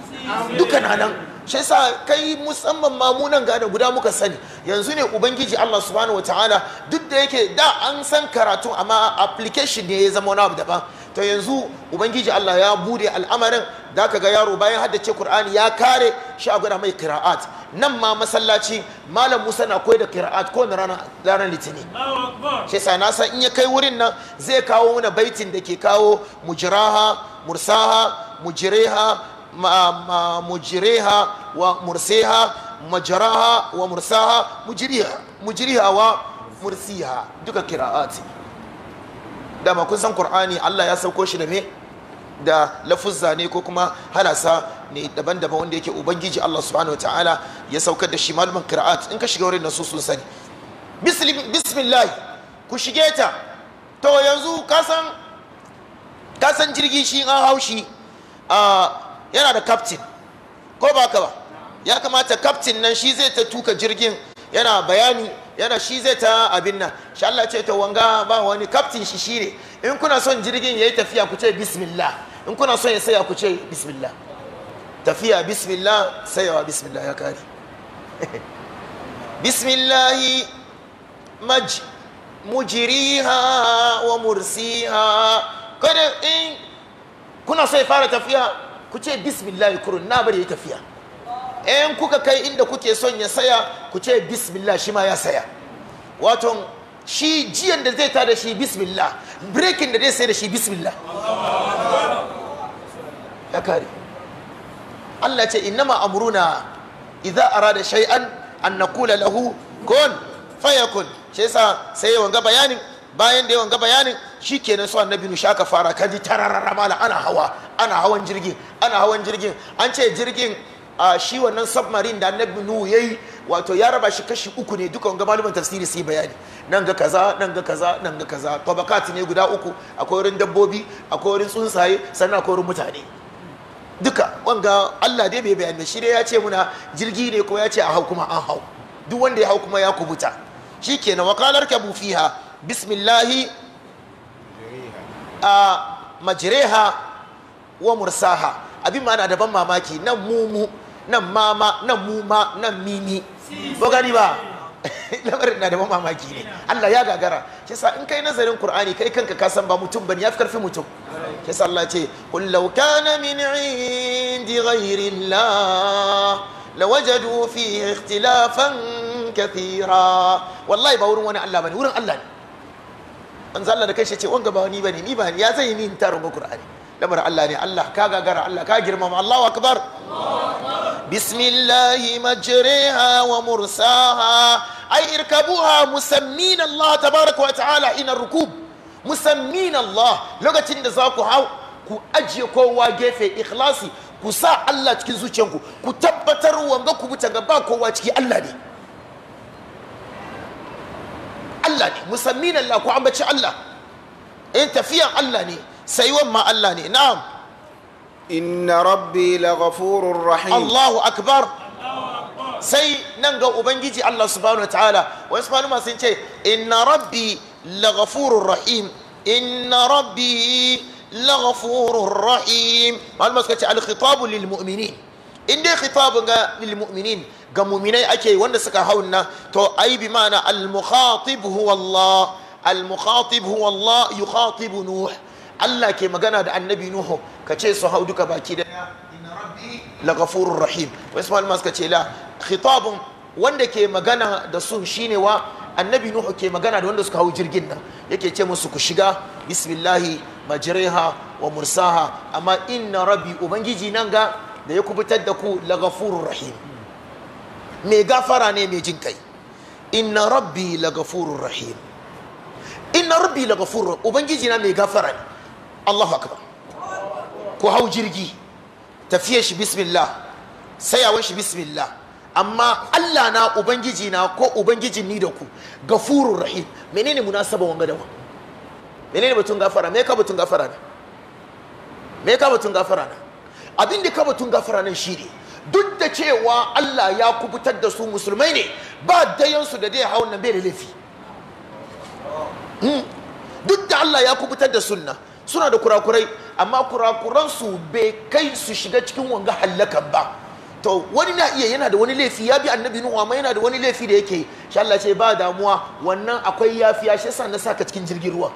duka nan shi yasa kai musamman mamunan gane guda muka sani yanzu ne ubangiji Allah subhanahu wataala duk da yake da an san karatu amma application ne ya zama wani abu daban to yanzu ubangiji Allah ya bude al'amarin da ka ga yaro bayan haddace Qur'ani ya kare shi a gwada mai kira'at nan ma masallaci malam Musa na koyar da kira'at ko na ranar litini shi yasa na san in ya kai wurin nan zai kawo mana baitin da ke kawo mujraha mursaha mujireha mujireha wa mursiha majraha wa mursaha mujriha mujriha wa mursiha duka kira'at dama kun san qur'ani Allah ya sauko shi da me da lafuzza ne ko kuma halasa ne daban-daban wanda yake ubangiji Allah subhanahu wataala ya saukar da shi malumin qira'at in ka shiga wurin nasu sun sani bismillah ku shige ta to yanzu ka san ka san jirgi shi an haushi yana da captain ko ba ka ba ya kamata captain nan shi zai ta tuka jirgin yana bayani yana shi zai ta abin nan shi Allah ce to wanga ba wani kaftin shi shi ne in kuna son jirgin yayi tafiya ku ce bismillah in kuna son ya saya ku ce bismillah tafiya bismillah sayawa bismillah ya kare (laughs) bismillah maj mujriha wa mursiha kada in kuna so ya fara tafiya ku ce bismillah kurun na bari ya tafiya in kuka kai inda kuke son ya saya ku ce bismillah shi ma ya saya wato shi jiyan da zai tada shi bismillah brekin da zai sai da shi bismillah ya kare Allah ce innama amruna idza arada shay'an an naqula lahu kun fayakun shi yasa sai wanga bayanin bayan da yawan ga bayanin shi kenan su annabi sha ka fara kaji tararara mala ana hawa ana hawan jirgin ana hawan jirgin an ce jirgin a shi wannan submarine da annabi nuhu yayi wato ya raba shi kashi uku ne dukan ga malumin tafsiri sai bayani nan ga kaza nan ga kaza nan ga kaza tabakat ne guda uku akwai wurin dabbobi akwai wurin tsuntsaye sannan akwai wurin mutane duka wanga Allah dai bai bayani shi dai ya ce muna jirgi ne ko ya ce a hau kuma an hau duk wanda ya hau kuma ya kubuta shikenan wakalar kabu fiha bismillahi a majreha wa mursaha abin ma na daban mamaki nan mu mu nan mama nan muma nan mimi ba gani ba (laughs) lamarin na da mamaki ne Allah ya gagara shi sa in kai nazarin Qur'ani kai kanka ka san ba mutum bane yafi karfi mutum shi sa Allah ce qul law kana min indi ghayri Allah lawajadu fihi ikhtilafan kathira wallahi ba wurin wani Allah bane wurin Allah ne an zalla da kai shi ce wanga ba ni bane ni ba ya zai ni in tarin Qur'ani lamar Allah ne Allah ka gagara Allah ka girmama Allahu akbar bismillahi majriha wa Ai ay irkabuha musammin Allah tabaraka wa ta'ala ina rukub musammin Allah lokacin da za ku hau ku ajiye kowa gefe ikhlasi ku sa Allah cikin zuciyanku ku tabbatar wanga ku buta gaba kowa ciki Allah ne Allah ne musammin Allah ku ambaci Allah in tafiyan Allah ne sai ma Allah ne na'am inna rabbi laghafurur rahim Allahu akbar sai nan ga ubangiji Allah subhanahu wataala wani subhanahu sun ce inna rabbi laghafurur rahim inna rabbi laghafurur rahim malama suka ce al lil mu'minin in dai khitabun ga lil mu'minin ga mu'minai ake wanda suka hauna to ai bi ma'ana al-mukhatib huwa Allah al-mukhatib huwa Allah yukhatibu nuh Allah ke magana da annabi Nuhu ka ce su hau duka baki da inna rabbi laghafurur rahim isma'il malama ka ce la khitabun wanda ke magana da su shine wa annabi Nuhu ke magana da wanda suka hau jirgin nan yake ce musu ku shiga bismillah majriha wa mursaha amma inna rabbi ubangiji nan ga da ya kubutar da ku ghafurur rahim me gafara ne mai jin kai inna rabbi ghafurur rahim inna rabbi ghafurur ubangiji na mai gafara ne Allahu akbar ku hau jirgi tafiye shi bismillah sayawan shi bismillah amma Allah na ubangiji na ko ubangijin ni da ku gafurur rahim menene munasaba wanga da menene batun gafara me ka batun gafara ne me ka batun gafara ne abin da ka batun gafara nan shine duk da cewa Allah ya kubutar da su musulmai ne ba dayansu da dai hawan nan bai da laifi hmm. duk da Allah ya kubutar da sunna suna da kurakurai amma kurakuransu bai kai su shiga cikin wanga hallakan ba to wani na iya yana da wani laifi ya bi annabi nuhu amma yana da wani laifi da yake insha Allah ce ba damuwa wannan akwai yafiya shi yasa na saka cikin jirgin ruwa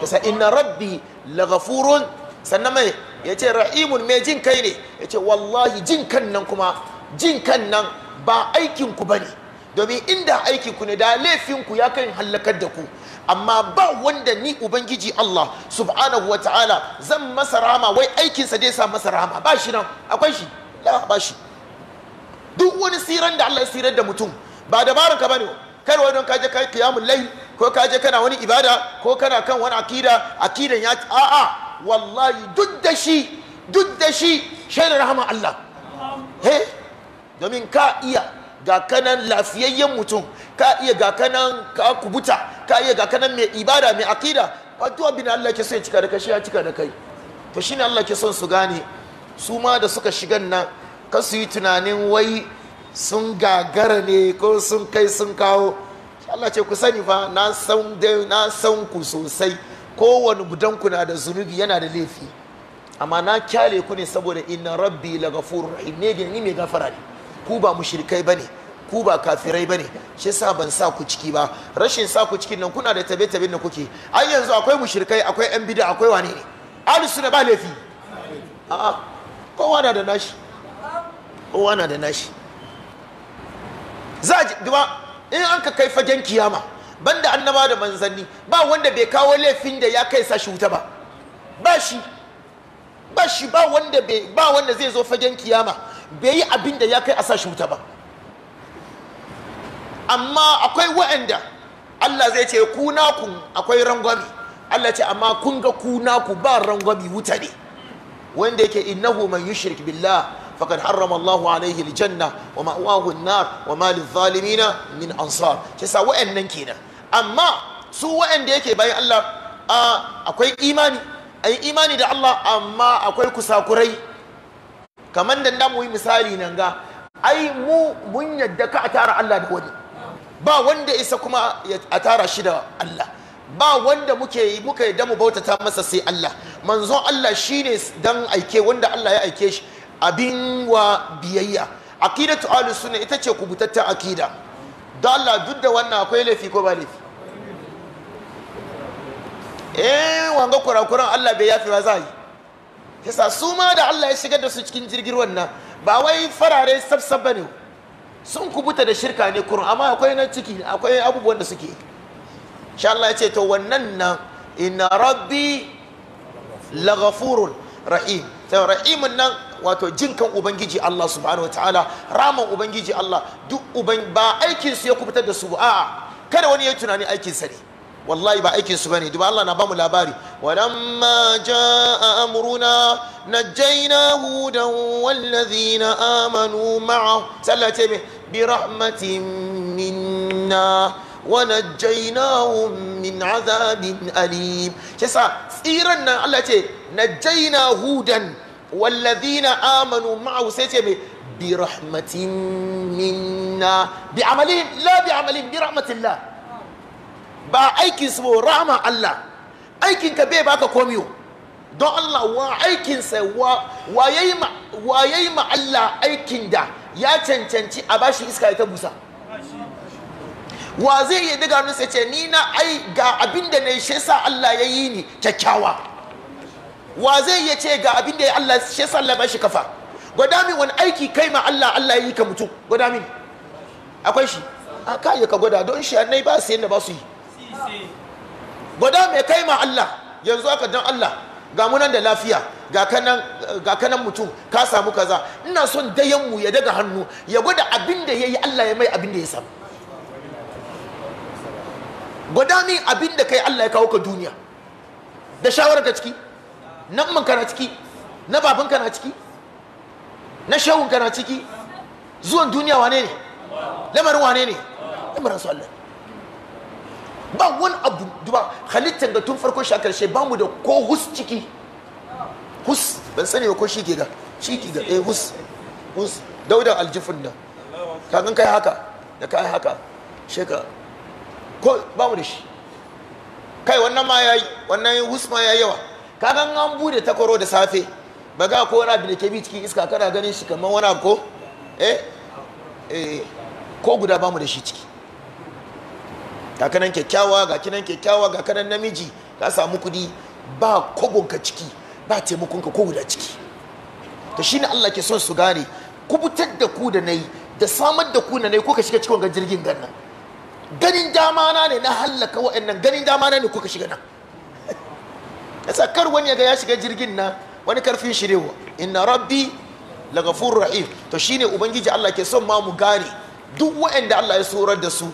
kasa inna rabbi laghafurun sannan mai yace rahimun mai jin kai ne yace wallahi jin kan nan kuma jin kan nan ba aikin ku bane domin inda aikin ku ne da laifin ku ya kai halakar da ku amma ba wanda ni ubangiji Allah subhanahu wa ta'ala zan masa rama wai aikinsa zai sa masa rama ba shi nan akwai shi la ba shi duk wani siran da Allah ya sirar da mutum ba dabaran ka bane kar wani don kaje kai qiyamul layl ko kaje kana wani ibada ko kana kan wani akida akidan ya a'a wallahi duk da shi duk da shi shaidan rahama Allah he domin ka iya ga kanan lafiyayyen mutum ka iya ga kanan ka kubuta ka iya ga kanan mai ibada mai akida wato abin Allah ke son cika da kai shi ya cika da kai to shine Allah ke son su gane su ma da suka shigan nan ka su yi tunanin wai sun gagara ne ko sun kai sun kawo Allah ce ku sani fa na san ku sosai kowane budanku na da zunubi yana da laifi amma na kyale ku ne saboda inna rabbi la ne rahim ne ni mai gafara ne ku ba mushrikai bane ku ba kafirai bane shi yasa ban sa ku ciki ba rashin sa ku cikin nan kuna da tabe tabe na kuke ai yanzu akwai mushrikai akwai yan bid'a akwai wane ne ahlus sunna ba laifi a'a kowa na da nashi kowa na da nashi za ji duba in an ka kai fagen kiyama banda annaba da manzanni ba wanda bai kawo laifin da ya kai sa shi wuta ba ba shi ba shi ba wanda ba wanda zai zo fagen kiyama bai yi abin da ya kai a sashi wuta ba amma akwai wa'anda allah zai ce ku akwai rangwami allah ce amma kun ga ku ba rangwami wuta ne wanda yake innahu man yi shirk billah fakad harram allahu alaihi aljanna wa ma'awahu nar wa malin zalimina min ansar ce sa wa'annan kenan amma su wa'anda yake bayan allah akwai imani an imani da allah amma akwai kusakurai kamar da mu yi misali nan ga ai mu mun yadda ka a tara Allah da wani ba wanda isa kuma a tara shi da Allah ba wanda muke yi muka yadda mu bautata masa sai Allah manzon Allah shi ne dan aike wanda Allah ya aike shi abin wa biyayya aqidatu alu sunna ita ce kubutattun akida don Allah duk da wannan akwai laifi ko ba laifi eh wanga kurakuran Allah bai yafi ba za yi yasa su ma da Allah ya shigar da su cikin jirgin wannan ba wai farare sabsab bane sun kubuta da shirka ne kurun amma akwai na ciki akwai abubuwan da suke insha Allah ya ce to wannan nan inna rabbi laghafurun rahim rahimun nan wato jinkan ubangiji Allah subhanahu wataala raman ubangiji Allah duk uban ba aikin su ya kubutar da su a'a kada wani ya tunani aikin sa ne wallahi ba aikin su bane duba Allah na bamu labari walamma jaa amruna najjayna hudan wallazina amanu ma'a sallate me bi rahmatin minna wa najjaynahum min azabin alim kisa tsiran nan Allah ce najjayna hudan wallazina amanu ma'a sai ce bi rahmatin minna bi amalihim la bi amalihim bi rahmatillah ba aikin su rahama Allah aikin ka bai baka komiyo don Allah wa aikin sa wa ya yi ma Allah aikin da ya cancanci a bashi iska ya ta busa wa zai iya daga nusa ce ni na ai ga abin da nayi shi sa Allah ya yi ni kyakkyawa wa zai iya ce ga abin da Allah shi sa Allah bashi kafa Gwadami wani aiki kai ma Allah Allah ya yi ka mutum gwadami? akwai shi a kai ka gwada don shi annai ba su na ba su yi gwada mai kai ma Allah yanzu aka dan Allah ga munan da lafiya ga kanan mutum ka samu kaza ina son dayan mu ya daga hannu ya gwada abin da yi Allah ya mai abin da ya samu gwada min abin da kai Allah ya kawo ka duniya da shawar ka ciki na man kana ciki na baban kana ciki na shawun kana ciki zuwan duniya wane ne lamarin wane ne lamarin su Allah ba wani abu duba halittar da tun farko shi a ba mu da ko hus ciki hus ban sani ba ko shi ke ga shi ke da eh hus hus daudan aljifin nan kakan kai haka da kai haka shekar ko ba mu da shi kai wannan ma yayi wannan hus ma yayi yawa kakan an bude takwaro da safe ba ga ko wani abu da ke bi cikin iska kana ganin shi kamar wani abu ko eh eh ko guda ba mu da shi ciki ga kanan kyakkyawa ga kinan kyakkyawa ga kanan namiji ka samu kudi ba ka ciki ba taimakonka ko guda ciki to shine Allah ke son su gane kubutar da ku da nayi da samar da ku na nayi kuka shiga cikin jirgin gannan ganin dama na ne na hallaka wa'annan ganin dama na ne kuka shiga nan (laughs) yasa kar wani ya ga ya shiga jirgin na wani karfin shirewa inna rabbi lagafurur Ra'i, to shine ubangiji Allah ke son ma mu gane duk waɗanda Allah ya tsorar da su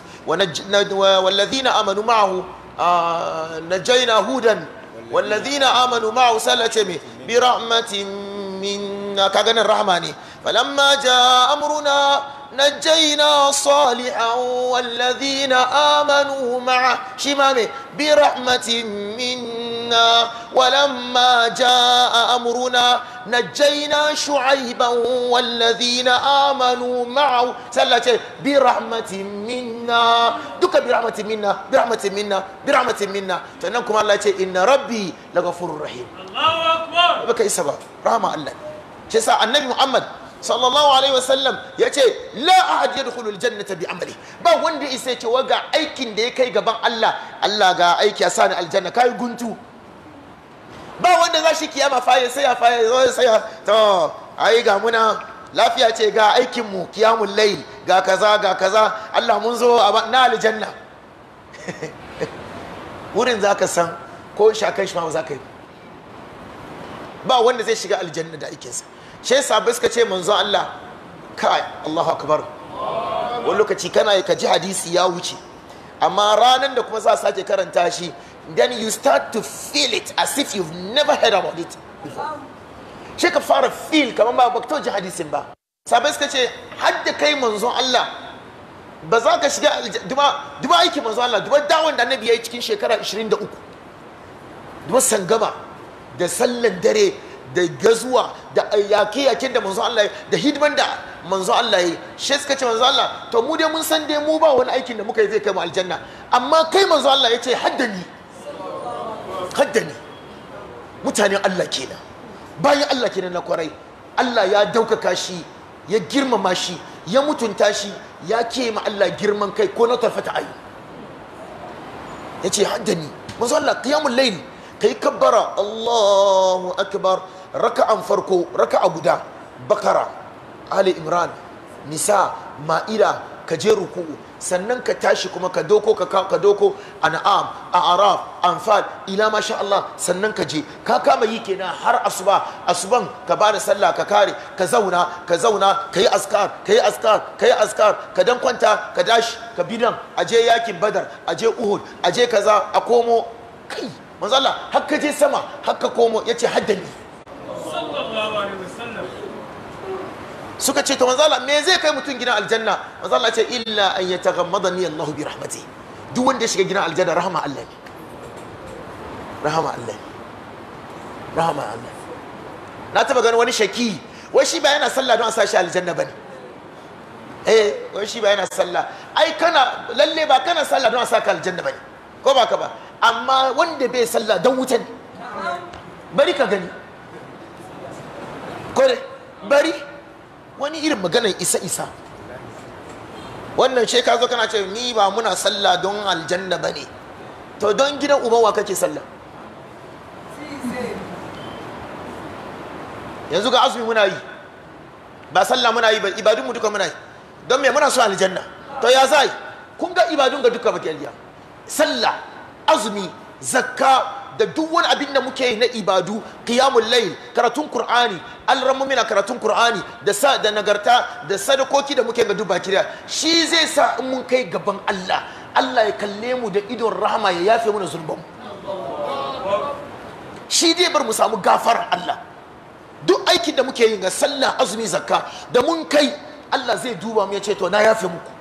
amanu ma'ahu hudan wallazina amanu ma'ahu sallace me bi rahmatin rahma ne falamma ja amruna نجينا صالحا والذين علينا ولما جاء أمرنا نجينا شعيبا والذين آمنوا معه سلت برحمة منا دك برحمة منا برحمة منا برحمة منا تنكم الله إن ربي لغفور رحيم الله أكبر بك إسبا رحمة الله شسا النبي محمد sallallahu alaihi wasallam ya ce la ahad yadkhulul jannata bi amali ba wanda isa ce waga aikin da ya kai gaban Allah Allah ga aiki a sani aljanna kai guntu ba wanda za shi kiyama faye sai ya faye zai sai ya to ai ga muna lafiya ce ga aikin mu kiyamul layl ga kaza ga kaza Allah mun zo a na aljanna (laughs) wurin zaka san ko kan shi ma za ka yi ba wanda zai shiga aljanna da aikinsa shi yasa ba suka ce manzo Allah kai Allahu akbar wani lokaci kana ka ji hadisi ya wuce amma ranan da kuma za a sake karanta shi then you start to feel it as if you've never heard about it before shi ka fara feel kamar ba bakto ji hadisin ba sabai suka ce hadda kai manzo Allah ba za ka shiga duba duba aiki manzo Allah duba dawon da annabi yayi cikin shekara 23 duba sangaba da sallan dare da gazuwa da yake yakin da manzo Allah da hidman da manzo Allah yi shi suka ce manzo Allah to mu dai mun san dai mu ba wani aikin da muka yi zai kai mu aljanna amma kai manzo Allah yace ce haddani haddani mutanen Allah kenan bayan Allah kenan na kwarai Allah ya daukaka shi ya girmama shi ya mutunta shi ya ke ma Allah girman kai ko na tarfata ayu ya ce haddani manzo Allah qiyamul layl kai kabbara Allahu akbar raka'an farko raka'a guda bakara ali imran nisa ma'ida kaje ruku'u sannan ka tashi kuma ka doko ka a na'am an'am a'raf anfal ila masha Allah sannan ka je ka kama yi kenan har asuba asuban ka bada sallah ka kare ka zauna ka zauna yi askar yi askar kai askar ka dan kwanta ka dashi ka bidan aje yakin badar aje uhud aje kaza a komo kai manzo Allah har ka je sama har ka komo yace haddani suka ce to manzo Allah me zai kai mutum gidan aljanna manzo Allah ce illa an yataghammadani Allah bi rahmati duk wanda ya shiga gidan aljanna rahama Allah ne rahama Allah ne rahama Allah na taba gani wani shaki wai shi ba yana sallah don a sa shi aljanna bane eh wai shi ba yana sallah ai kana lalle ba kana sallah don a sa ka aljanna bane ko ba ka ba amma wanda bai sallah don wuta bari ka gani ko bari wani irin maganar isa-isa wannan shi ka zo kana ce ni ba muna sallah don aljanna ba ne to don gidan ubanwa kake sallah yanzu ga azumi muna yi ba sallah muna yi ba ibadun mu duka muna yi don me muna so aljanna to ya za yi kun ga ibadun ga duka ba sallah azumi zakka da duk wani abin da muke na ibadu qiyamul layl karatun qur'ani alramu mina karatun qur'ani da sa da nagarta da sadakoki da muke ga duk baki shi zai sa in mun kai gaban Allah Allah ya kalle mu da idon rahama ya yafe mana zulbun shi dai bar mu samu gafarar Allah duk aikin da muke yi ga sallah azumi zakka da mun kai Allah zai duba mu ya ce to na yafe muku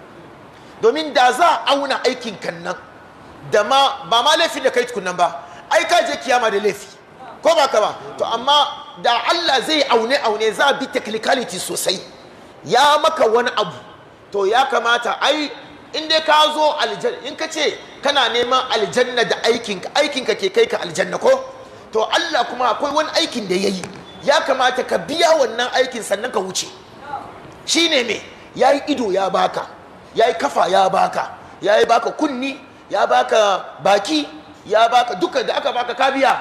domin da za a auna aikin kan nan da ma ba ma laifin da kai tukunan ba ai ka je kiyama da laifi ko ba ka ba to amma da Allah zai aune aune za bi technicality sosai ya maka wani abu to ya kamata ai in dai ka zo aljanna in ka ce kana neman aljanna da aikinka ka ke kai ka aljanna ko to Allah kuma akwai wani aikin da yayi ya kamata ka biya wannan aikin sannan ka wuce shine me yayi ido ya baka yayi kafa ya baka yayi baka kunni ya baka baki ya baka duka da aka baka ka biya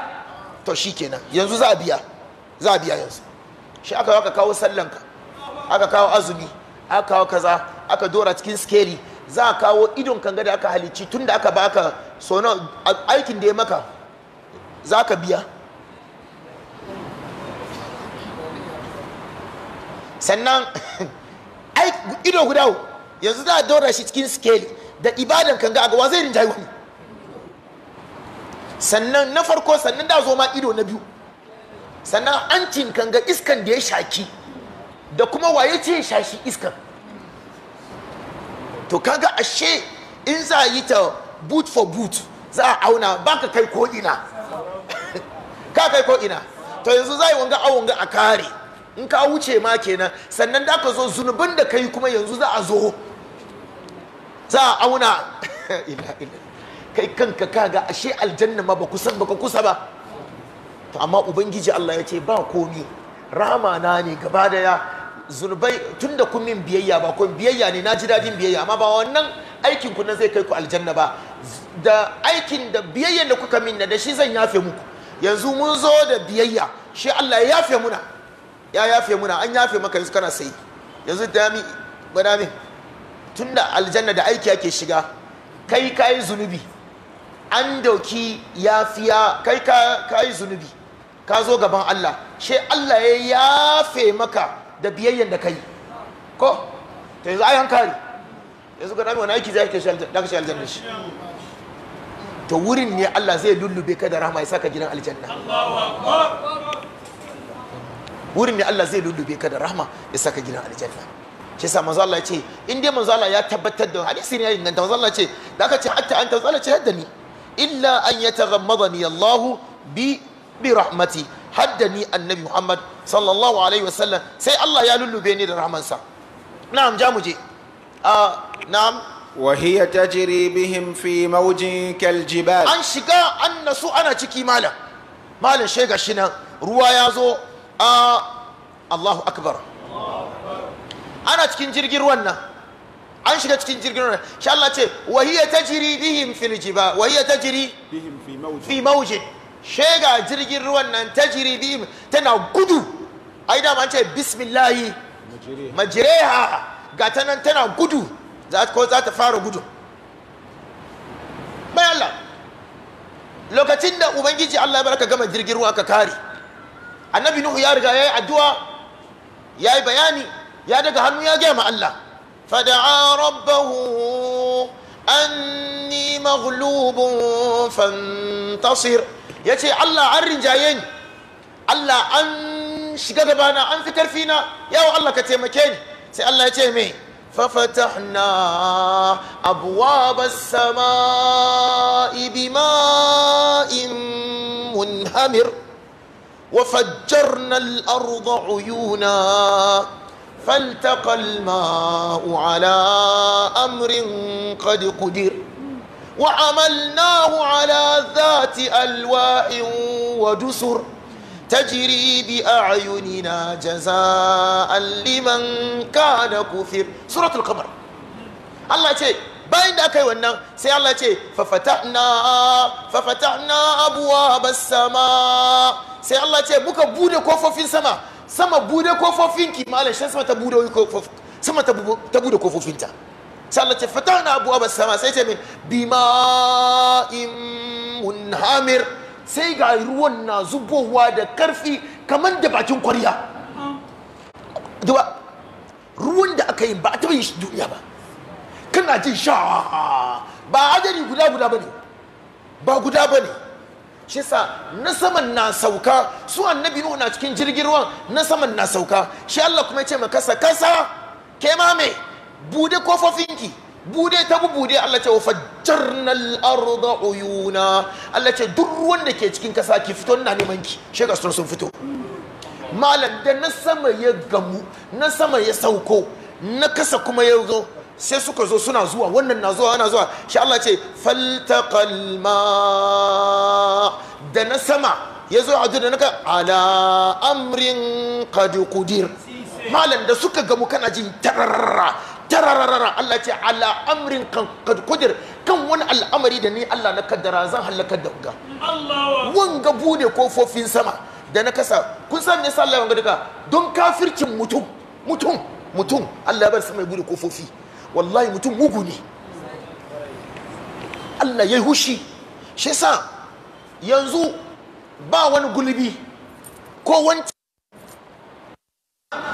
to shi kenan yanzu za a biya za a biya yanzu shi aka baka kawo sallanka aka kawo azumi aka kawo kaza aka dora cikin skeri za a kawo idon kanga da aka halicci tun da aka baka sono aikin da ya maka za ka biya sannan (laughs) ido guda yanzu za a dora shi cikin skeli da ibadan kanga a gawa zai rinjaye wani sannan na farko sannan da zo ma ido na biyu sannan an kan ga iskan da ya shaki da kuma waye ce ya shashi iskan to kaga ashe in za a yi ta boot for boot za a auna baka kai ko ina (laughs) ka kai ko ina to yanzu za yi wanga awon ga a kare in ka wuce ma kenan sannan da ka zo zunubin da kai kuma yanzu za a zo za a auna (laughs) ila ila kai kanka kaga ashe aljanna ma ba kusa ba kusa ba to amma ubangiji Allah ya ce ba komi rama na ne gaba daya zunubai tunda kun min biyayya ba kun biyayya ne na ji dadin biyayya amma ba wannan aikin ku nan zai kai ku aljanna ba da aikin da biyayya da kuka min da shi zan yafe muku yanzu mun zo da biyayya shi Allah ya yafe muna ya yafe muna an yafe maka yanzu kana sai yanzu dami badami tunda aljanna da aiki ake shiga kai kai zunubi an dauki ya fiya kai ka yi zunubi ka zo gaban Allah she Allah ya yafe maka da biyayyen da kai ko to yanzu ai an kare yanzu ka dami wani aiki zai ke da kashe aljanna shi ta wurin ne Allah zai lullube ka da rahama ya saka gidan aljanna wurin ne Allah zai lullube ka da rahama ya saka gidan aljanna ce sa manzo Allah ya ce in dai manzo Allah ya tabbatar da hadisi ne ya inganta manzo Allah ya ce da aka ce hatta an manzo ce hadda ni illa an ya yataghammadani Allah bi bi rahmati haddani annabi Muhammad sallallahu alaihi wasallam sai Allah ya lullube ni da rahmansa na'am ja mu je ah, na'am wa hiya tajri bihim fi mawjin an shiga an nasu ana ciki malam malam shega shi nan ruwa ya zo a ah, Allahu akbar ana cikin jirgin ruwan nan an shiga cikin jirgin ruwa shi Allah ce wa hiya tajri bihim fil jiba wa hiya tajri bihim fi mawjin fi mawjin shega jirgin ruwan nan tajri bihim tana gudu ai da ce bismillahi majriha ga ta nan tana gudu za ko za ta fara gudu bai Allah lokacin da ubangiji Allah ya baraka gama jirgin ruwa ka kare annabi nuhu ya riga yayi addu'a yayi bayani ya daga hannu ya ga ma Allah فدعا ربه أني مغلوب فانتصر يتي الله عن رجايين الله أن شقد بانا أن فكر فينا يا الله كتيمكين سي الله يتيمي ففتحنا أبواب السماء بماء منهمر وفجرنا الأرض عيونا فالتقى الماء على أمر قد قدر وعملناه على ذات ألواح ودسر تجري بأعيننا جزاء لمن كان كفر سورة القمر الله يقول bayan da aka yi wannan sai Allah ce fafatahna fafatahna abuwa sama sai Allah ce muka bude kofofin sama sama bude kofofin ki malam shi sama ta bude kofofin sama ta bude kofofin ta sai Allah ce fatana abu abas sama sai ce min bima in hamir sai ga ruwan na zubowa da karfi kamar da bakin kwarya duba ruwan da aka yi ba a taɓa yin duniya ba kana jin sha ba adadi guda guda bane ba guda bane shi sa na saman na sauka su annabi nuhu na cikin jirgin ruwan na saman na sauka shi Allah kuma ya ce kasa, kasa ke ma me bude kofofinki bude ta bude Allah ce wa fajjarna al-arda uyuna Allah ce duk ruwan da ke cikin kasa ki fito na neman ki shi ga sun fito malam da na sama ya gamu na sama ya sauko na kasa kuma ya zo sai suka zo suna zuwa wannan na zuwa ana zuwa shi Allah ce faltaqal da na sama ya zo azu da naka ala amrin qad qudir malan da suka gamu kana jin tararara tararara Allah ce ala amrin qad qudir kan wani al'amari da ni Allah na kaddara zan halakar da ga wanga bude kofofin sama da na kasa kun san ne sallah wanga duka don kafircin mutum mutum mutum Allah ya bar sama ya bude kofofi wallahi mutum mugu ne Allah ya yi hushi shi sa yanzu ba wani gulbi ko wani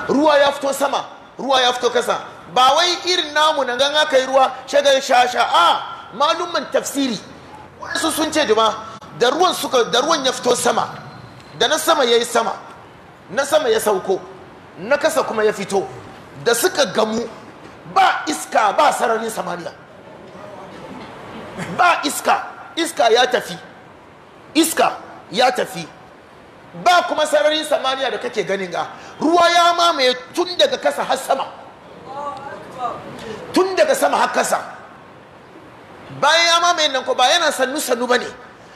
ruwa ya fito sama ruwa ya fito kasa ba wai irin namu na gan aka yi ruwa shagar shasha a malumman tafsiri wasu sun ce jima da ruwan suka da ruwan ya fito sama da na sama ya yi sama na sama ya sauko na kasa kuma ya fito da suka gamu ba iska ba sararin samaniya ba iska iska ya tafi iska ya tafi ba kuma sararin samaniya da kake ganin ga ruwa ya mamaye tun daga kasa har sama tun daga sama har kasa bayan ya mamaye nan ko ba yana sannu sannu ba ne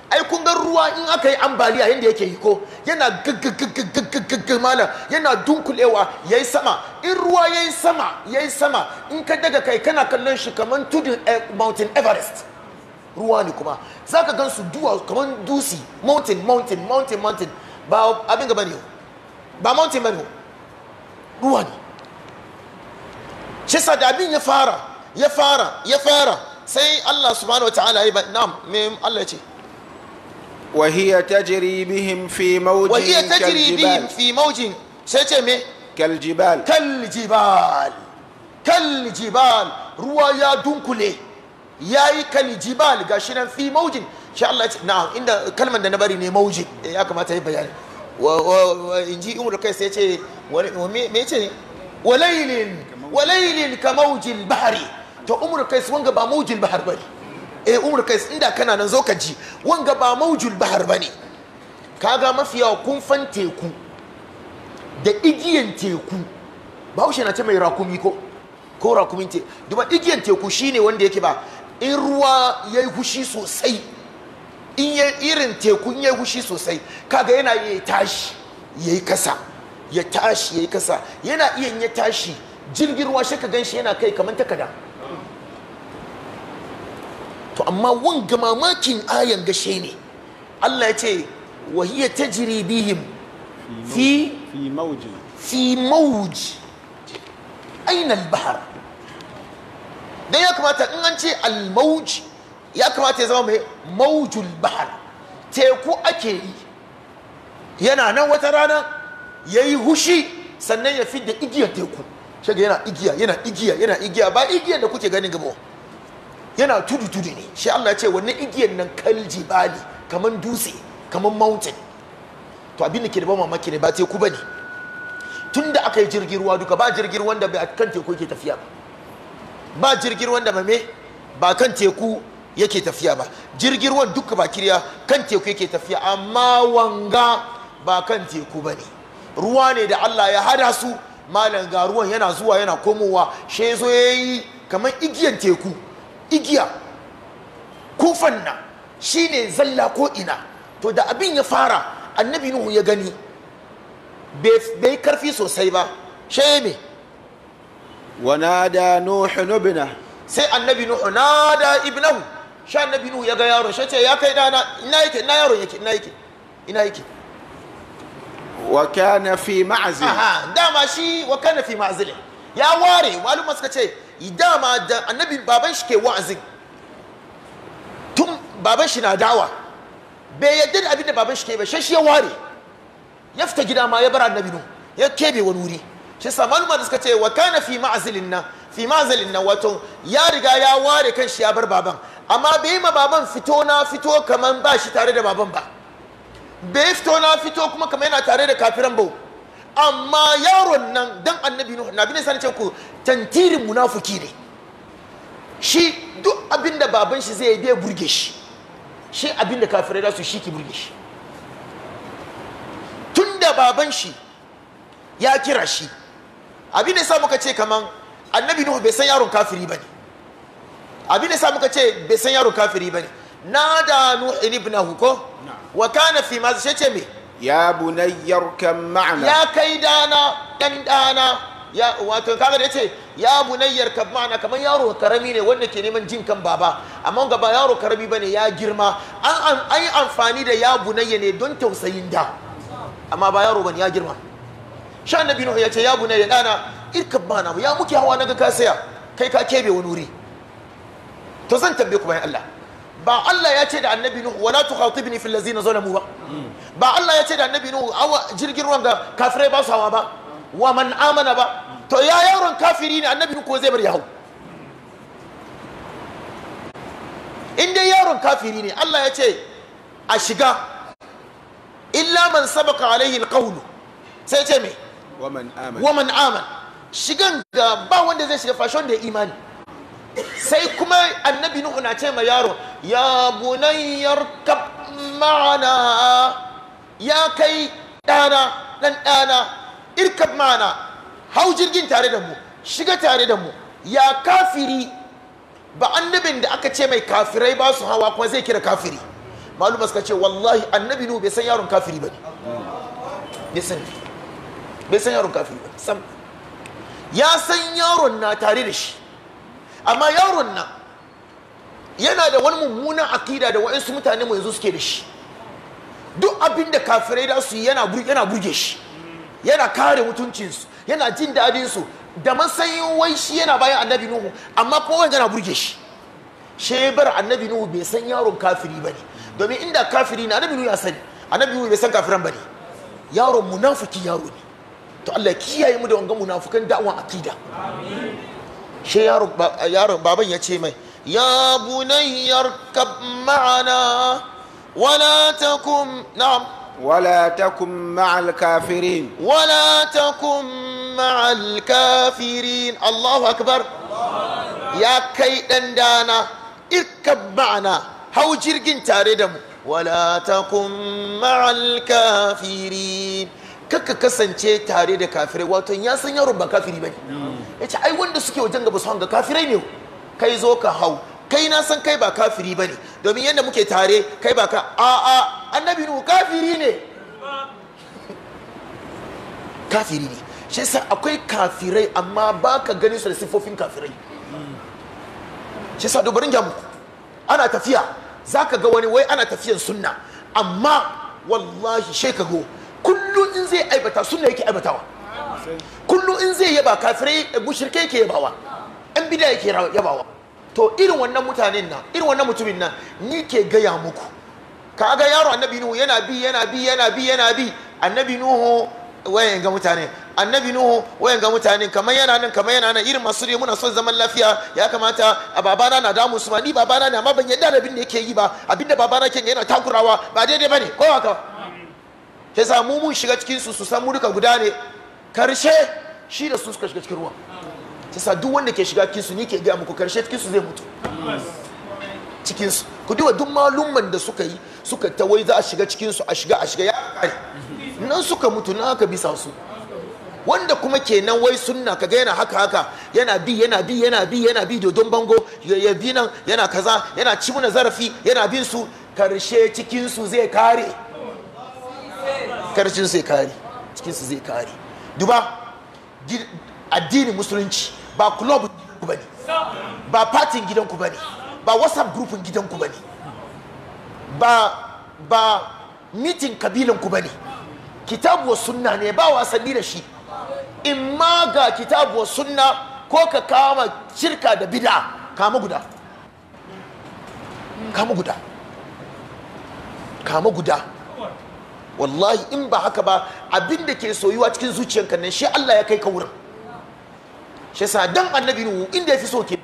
ai kun ga ruwa in aka yi ambaliya yadda yake yi ko yana gaggaggaggaggaggag yana dunkulewa ya yi sama in ruwa ya yi sama ya yi sama in ka daga kai kana kallon shi kamar tudun eh, mountain everest ruwa ne kuma za ka gan su duwa kamar dusi mountain mountain mountain mountain ba abin gaba ne ba mountain ba ne ruwa ne shi da abin ya fara ya fara ya fara sai Allah subhanahu wa ta'ala ya ba na'am me Allah ya ce وهي تجري بهم في موج وهي تجري بهم في موج سيتمي كالجبال كالجبال كالجبال ruwa ya dunkule ya yi kalijibal ga shi nan fi maujin shi Allah na inda kalmar da na bari ne maujin ya kamata yi bayani in ji umar kai sai ce me ce walailin walailin ka maujin bahari to umar maujin eh umar kai inda kana nan zo ka ji wanga ba maujul bahar bane kaga mafi yawa kumfan teku da igiyan teku bahaushe na ta mai rakumi ko ko rakumin te duba igiyan teku shine wanda yake ba in ruwa ya yi hushi sosai in irin teku ya yi hushi sosai kaga yana iya tashi ya yi kasa ya tashi ya kasa yana iya ya tashi jirgin ruwa shi ka gan yana kai kamar takada to amma wanga mamakin ayan gashe ne Allah ya ce wa hiya tajri bihim fi fi mawj fi mawj aina al dan ya kamata in an ce al ya kamata ya zama mai mawjul bahr teku ake yi yana nan wata rana yayi hushi sannan ya fidda da igiyar teku shiga yana igiya yana igiya yana igiya ba igiya da kuke ganin gaba yana tudu tudu ne shi Allah ce wannan igiyar nan kalji bali kaman dutse kaman mountain to abin da ke da ba mamaki ne ba teku ba ne tun da aka yi jirgin ruwa duka ba jirgin ruwan da ba kan teku yake tafiya ba ba jirgin ruwan da ba me ba kan teku yake tafiya ba jirgin ruwan duka ba kiriya kan teku yake tafiya amma wanga ba kan teku ba ne ruwa ne da Allah ya hada su malam ga ruwan yana zuwa yana komowa shi yayi kamar igiyan teku igiya kufan shi ne zalla ko ina to da abin ya fara annabi nuhu ya gani bai karfi sosai ba shi wana da nuhu nubina sai annabi nuhu na da ibinahu shi annabi nuhu ya ga yaro shi ce ya kai dana ina yake ina yaro yake ina yake ina yake wa kana fi ma'zil aha dama shi wa kana fi ma'zil ya ware malumma suka ce dama da annabi baban shi ke wa'azin tun baban shi na dawa bai yadda da abin da baban shi ke ba shi ya ware ya fita gida ma ya bar annabi nu ya kebe wani wuri shi sa maluma da suka ce wa kana fi ma'azilin nan fi ma'azilin nan wato ya riga ya ware kan shi ya bar baban amma bai yi ma baban fito na fito kamar ba shi tare da baban ba bai fito na fito kuma kamar yana tare da kafiran bau amma yaron nan dan annabi nuhu na bin sani ce ku tantirin munafuki ne shi duk abinda baban shi zai bai burge shi shi abinda kafirai da su shi ki burge shi tunda baban shi ya kira shi abin da sa muka ce kaman annabi nuhu bai san yaron kafiri bane abin da sa muka ce bai san yaron kafiri bane nada nuhu ibnahu ko wa kana fi ma sai ce me ya bunayyar kan ma'ana ya kai dana ɗan dana ya wato kaga da yace ya bunayyar kan ma'ana kamar yaro karami ne wanda ke neman jin kan baba amma gaba yaro karami bane ya girma an an ai amfani da ya bunayya ne don tausayin da amma ba yaro bane ya girma sha annabi nuhu yace ya bunayya dana irka ma'ana ya muke hawa naga ka saya kai ka kebe wani wuri to zan tambaye ku bayan Allah ba Allah ya ce da annabi nuhu wala tukhatibni fil ladzina zalamu ba ba Allah ya ce da annabi nuhu awa jirgin ruwan da kafire ba su hawa ba wa man amana ba to ya yaron kafiri ne annabi nuhu ko zai bar ya in dai yaron kafiri ne Allah ya ce a shiga illa man sabaka alaihi alqawl sai ce me wa man amana Wa man amana. shigan ga ba wanda zai shiga fashon da imani sai kuma annabi nuhu na ce ma yaro ya bunayyar kab ma'ana ya kai ɗana ɗan ɗana irkab ma'ana hau jirgin tare da mu shiga tare da mu ya kafiri ba annabin da aka ce mai kafirai ba su hawa kuma zai kira kafiri malum suka ce wallahi annabi nuhu bai san yaron kafiri ba ne bai san bai san yaron kafiri ba sam ya san yaron na tare da shi amma yaron nan yana da wani mummunan akida da waɗansu mutane mai yanzu suke da shi duk abin da kafirai da su yana burge shi yana kare mutuncinsu yana jin daɗinsu, da matsayin wai shi yana bayan annabi nuhu amma kowa yana burge shi shebar annabi nuhu bai san yaron kafiri ba ne domin inda kafiri na annabi nuhu ya sani annabi nuhu bai san kafiran ba ne yaron munafuki yaro ne to Allah kiyaye mu da wangan munafukan da'awan akida shi yaron baban ya ce mai ya bunayyar kab ma'ana wala takum na'am wala takum ma'al kafirin wala takum ma'al kafirin Allahu akbar ya kai dan dana irkab ma'ana hau jirgin tare da mu wala takum ma'al kafirin kaka kasance tare da kafirai wato ya san yaro ba kafiri bane yace ai wanda suke wajen gaba su hanga kafirai ne kai zo ka hau kai na san kai ba kafiri bane domin yadda muke tare kai ba ka a a annabi kafiri ne (laughs) kafiri ne shi yasa akwai kafirai amma ba ka ganin su da siffofin kafirai shi yasa dubarin jamu ana tafiya za ka ga wani wai ana tafiyan sunna amma wallahi shekago kullum in zai aibata sunna yake aibatawa kullum in zai yaba kafirai mushrikai yake yabawa an bida yake yabawa to irin wannan mutanen nan irin wannan mutumin nan ni ke gaya muku ka ga yaro annabi nuhu yana bi yana bi yana bi yana bi annabi nuhu wayan ga mutane annabi nuhu wayan ga mutane kamar yana nan kamar yana nan irin masu muna son zaman lafiya ya kamata a babana na damu su ma ni babana ne amma ban yadda da abin da yake yi ba abinda da babana ke yana takurawa ba daidai bane ko haka ya samu mun shiga cikin su su san mu duka guda ne karshe shi da su suka shiga cikin ruwa. ta sa duk wanda ke shiga cikin su ni ke ga muku karshe cikin su zai mutu cikin su ku duba duk malumman da suka yi suka ta wai za a shiga cikin su a shiga a shiga ya kare nan suka mutu nan aka bisa su wanda kuma ke nan wai sunna kaga yana haka haka yana bi yana bi yana bi yana bi dodon bango ya bi nan yana kaza yana ci mana zarafi yana bin su karshe cikin su zai kare karcin sai kare cikin su zai kare duba addinin musulunci ba club ku bane ba fatin gidanku bane ba whatsapp gidan gidanku bane ba ba mitin kabilanku bane kitabu wa sunna ne ba wasanni da shi in ma ga kitabu wa sunna ko ka kama shirka da bid'a kama guda kama guda kama guda wallahi in ba haka ba abin da ke soyuwa cikin zuciyanka nan shi Allah ya kai ka wurin shi yasa dan annabi nuhu inda yafi so ke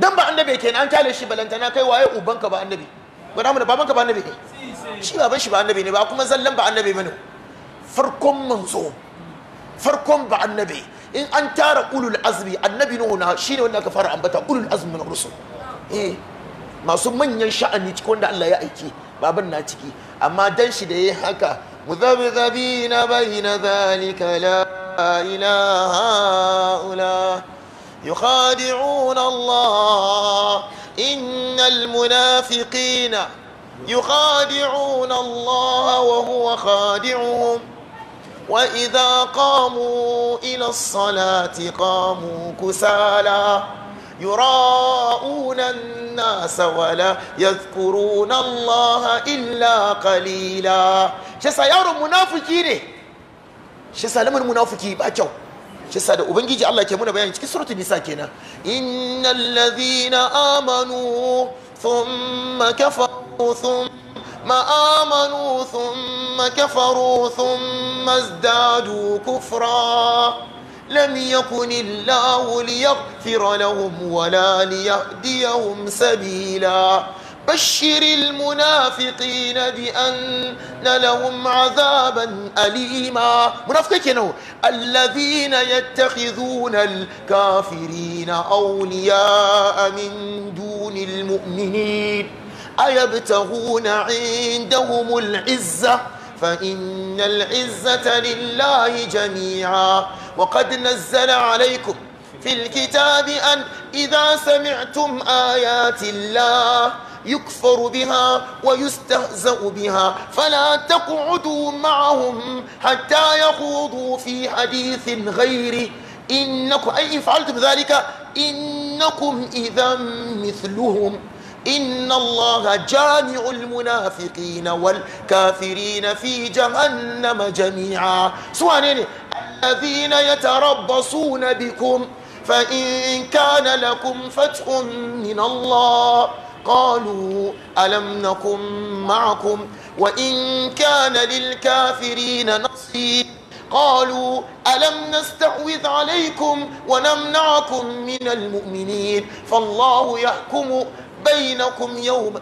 dan ba annabi kenan an kyale shi balantana kai waye ubanka ba annabi ba namu da babanka ba annabi ne shi baban shi ba annabi ne ba kuma zallan ba annabi bane farkon manzo farkon ba annabi in an tara ulul azmi annabi nuhu na shine wanda aka fara ambata ulul azmi min rusul eh masu manyan sha'ani cikin wanda Allah ya aike babar na ciki amma dan shi da yi haka muzabzabi na bai na zalika la ilaha ula yukhadi'una Allah innal munafiqina yukhadi'una يراءون الناس ولا يذكرون الله إلا قليلا شسا يارو منافقي ne shisa lamun munafiki ba kyau shisa da ubangiji Allah ke muna bayani cikin suratul nisa kenan innal ladhina amanu thumma kafaru thumma amanu thumma kafaru thumma izdadu kufra لم يكن الله ليغفر لهم ولا ليهديهم سبيلا بشر المنافقين بأن لهم عذابا أليما منافقين الذين يتخذون الكافرين أولياء من دون المؤمنين أيبتغون عندهم العزة فإن العزة لله جميعا وقد نزل عليكم في الكتاب أن إذا سمعتم آيات الله يكفر بها ويستهزأ بها فلا تقعدوا معهم حتى يخوضوا في حديث غيره إنكم أي إن فعلتم ذلك إنكم إذا مثلهم إن الله جامع المنافقين والكافرين في جهنم جميعا سوانين يعني، الذين يتربصون بكم فإن كان لكم فتح من الله قالوا ألم نكن معكم وإن كان للكافرين نصيب قالوا ألم نستعوذ عليكم ونمنعكم من المؤمنين فالله يحكم bainakum yawma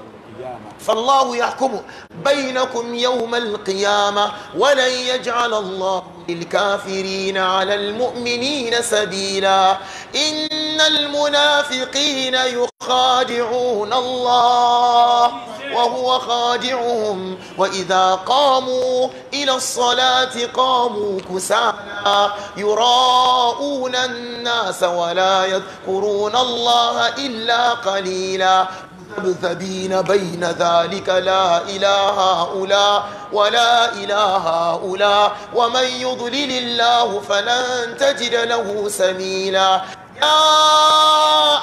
فالله يحكم بينكم يوم القيامة ولن يجعل الله للكافرين على المؤمنين سبيلا إن المنافقين يخادعون الله وهو خادعهم وإذا قاموا إلى الصلاة قاموا كسالا يراءون الناس ولا يذكرون الله إلا قليلا مذبذبين بين ذلك لا إلى هؤلاء ولا إلى هؤلاء ومن يضلل الله فلن تجد له سبيلا يا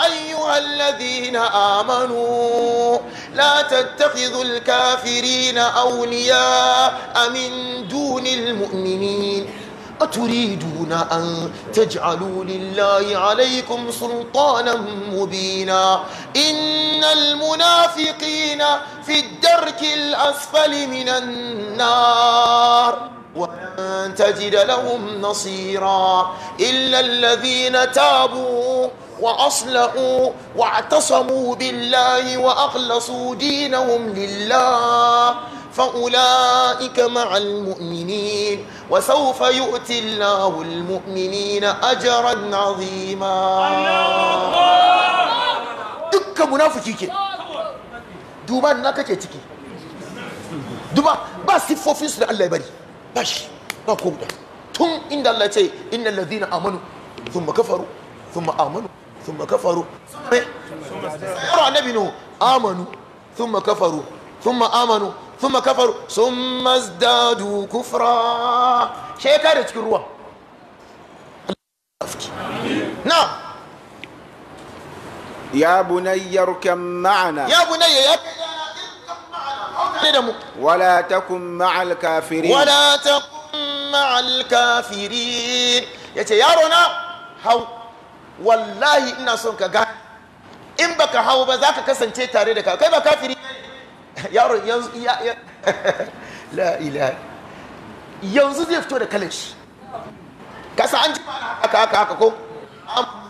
أيها الذين آمنوا لا تتخذوا الكافرين أولياء من دون المؤمنين أتريدون أن تجعلوا لله عليكم سلطانا مبينا إن المنافقين في الدرك الأسفل من النار ولن تجد لهم نصيرا إلا الذين تابوا وأصلحوا واعتصموا بالله وأخلصوا دينهم لله فأولئك مع المؤمنين وسوف يؤتي الله المؤمنين أجرا عظيما دك منافقي كي دوبا ناكا كي تكي دوبا بس فوفيس الله يبري باش ما كوبدا ثم إن الله تي إن الذين آمنوا ثم كفروا ثم آمنوا ثم كفروا ثم آمنوا ثم كفروا ثم آمنوا thumma kafaru summa zdadu kufra sheka da cikin ruwa na ya bunayya rukan ma'ana ya bunayya ya ولا تكن مع الكافرين ولا تكن مع الكافرين yace yaro na hau wallahi ina son ka ga in baka hau ba zaka kasance tare da ka kai ba kafiri (laughs) yaro yanzu ya (laughs) la ilaha yanzu zai fito da kalashi kasa an ji ba haka haka haka ko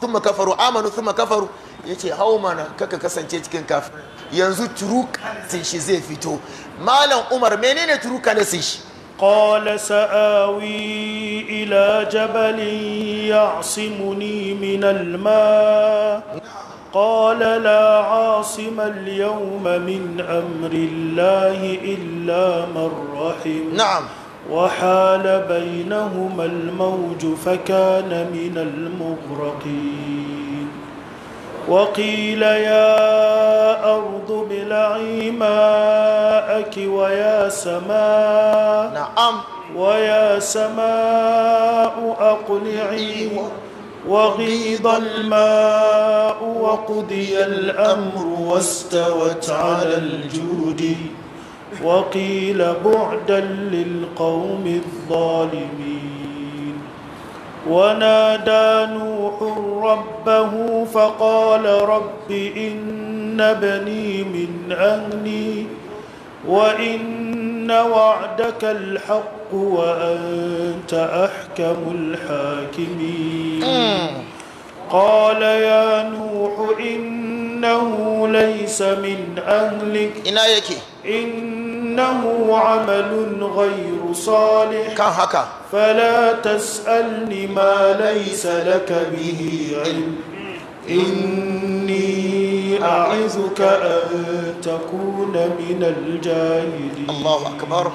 amma kafaru amanu thumma kafaru yace hau mana kaka kasance cikin kafir yanzu turu kalasin shi zai fito malam umar menene turu kalasin shi قال سآوي إلى جبل يعصمني من الماء قال لا عاصم اليوم من امر الله الا من رحم نعم وحال بينهما الموج فكان من المغرقين وقيل يا ارض بلعي ماءك ويا سماء نعم ويا سماء اقلعي إيوه. وغيض الماء وقضي الأمر واستوت على الجود وقيل بعدا للقوم الظالمين ونادى نوح ربه فقال رب إن بني من أهلي وإن وعدك الحق وأنت أحكم الحاكمين قال يا نوح إنه ليس من أهلك إنه عمل غير صالح فلا تسألني ما ليس لك به علم إني أعذك أن تكون من الجاهلين الله أكبر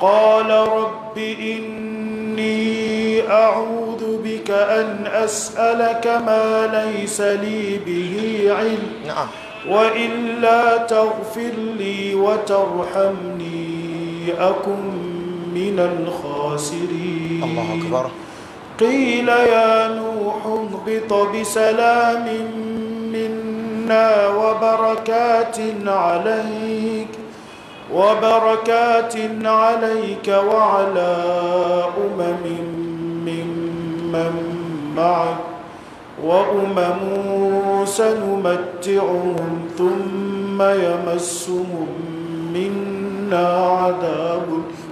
قال رب إني أعوذ بك أن أسألك ما ليس لي به علم نعم وإلا تغفر لي وترحمني أكن من الخاسرين الله أكبر قيل يا نوح اهبط بسلام منا وبركات عليك وبركات عليك وعلى أمم ممن معك وأمم سنمتعهم ثم يمسهم منا عذاب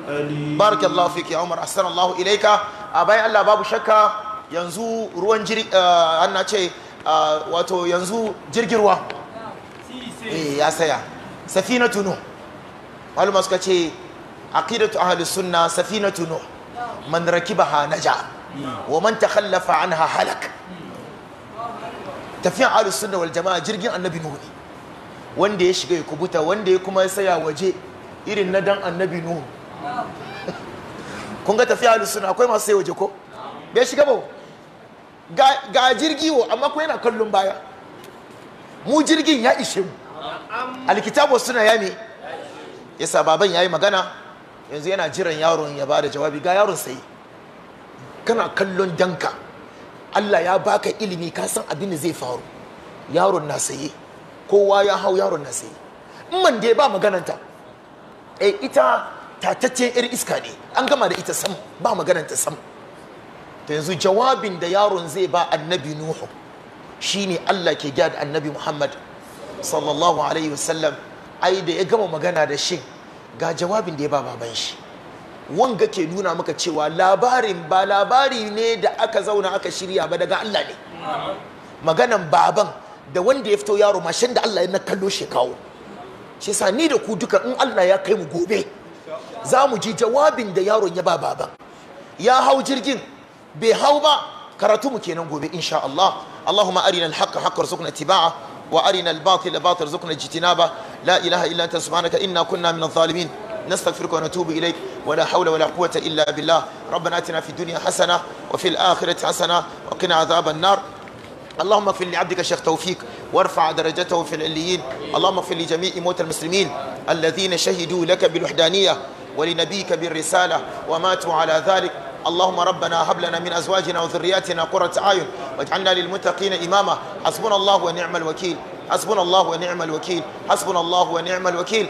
أليم بارك الله فيك يا عمر أحسن الله إليك أباي الله باب شكا ينزو روان جري آه أنا شيء آه واتو ينزو جرجروا إيه يا سيا سفينة نوح maluma suka ce aqidatu ahli sunna safinatu nuh man rakibaha naja wa man takhallafa anha halak tafiyan ahli sunna wal jama'a jirgin annabi nuh ne wanda ya shiga ya kubuta wanda ya kuma saya waje irin na dan annabi nuh kun ga tafiya ahli sunna akwai masu sai waje ko bai shiga ba ga jirgi wo amma ko yana kallon baya mu jirgin ya ishe mu alkitabu suna ya ne. yasa baban yayi magana yanzu yana jiran yaron ya bada jawabi ga yaron sai kana kallon danka Allah ya baka ilimi ka san abin da zai faru yaron na saye kowa ya hau yaron na saye man da ba magananta eh ita tataccen yar iska ne an gama da ita sam ba magananta sam ta yanzu jawabin da yaron zai ba annabi nuhu shine Allah ke gyara annabi Muhammad sallallahu alaihi wasallam ai da ya gama magana da shi ga jawabin da ya ba baban shi wanga ke nuna maka cewa labarin ba labari ne da aka zauna aka shirya ba daga Allah ne maganan baban da wanda ya fito yaro mashin da Allah ya na kallo shi kawo shi sa ni da ku duka in Allah ya kai mu gobe za mu ji jawabin da yaron ya ba baban ya hau jirgin bai hau ba karatu mu kenan gobe insha Allah Allahumma arina al-haqqa haqqan warzuqna ittiba'a وأرنا الباطل باطل ارزقنا اجتنابه لا إله إلا أنت سبحانك إنا كنا من الظالمين نستغفرك ونتوب إليك ولا حول ولا قوة إلا بالله ربنا أتنا في الدنيا حسنة وفي الآخرة حسنة وقنا عذاب النار اللهم اغفر لعبدك الشيخ توفيق وارفع درجته في العليين اللهم اغفر لجميع موتى المسلمين الذين شهدوا لك بالوحدانية ولنبيك بالرسالة وماتوا على ذلك اللهم ربنا هب لنا من أزواجنا وذرياتنا قرة أعين واجعلنا للمتقين إماما حسبنا الله ونعم الوكيل حسبنا الله ونعم الوكيل حسبنا الله ونعم الوكيل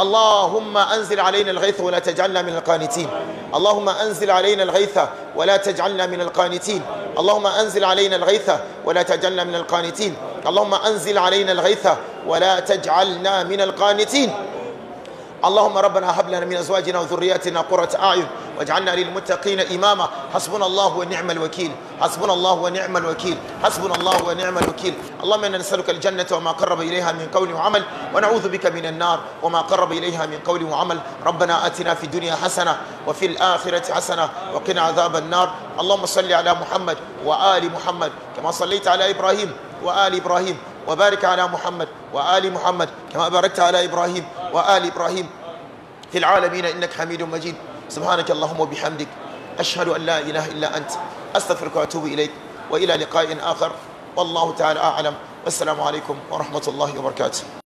اللهم أنزل علينا الغيث ولا تجعلنا من القانتين اللهم أنزل علينا الغيث ولا تجعلنا من القانتين اللهم أنزل علينا الغيث ولا تجعلنا من القانتين اللهم أنزل علينا الغيث ولا تجعلنا من القانتين اللهم ربنا هب لنا من أزواجنا وذرياتنا قرة أعين واجعلنا للمتقين إماما حسبنا الله ونعم الوكيل حسبنا الله ونعم الوكيل حسبنا الله ونعم الوكيل اللهم إنا نسألك الجنة وما قرب إليها من قول وعمل ونعوذ بك من النار وما قرب إليها من قول وعمل ربنا آتنا في الدنيا حسنة وفي الآخرة حسنة وقنا عذاب النار اللهم صل على محمد وآل محمد كما صليت على إبراهيم وآل إبراهيم وبارك على محمد وآل محمد كما باركت على إبراهيم وآل إبراهيم في العالمين إنك حميد مجيد سبحانك اللهم وبحمدك أشهد أن لا إله إلا أنت أستغفرك وأتوب إليك وإلى لقاء آخر والله تعالى أعلم والسلام عليكم ورحمة الله وبركاته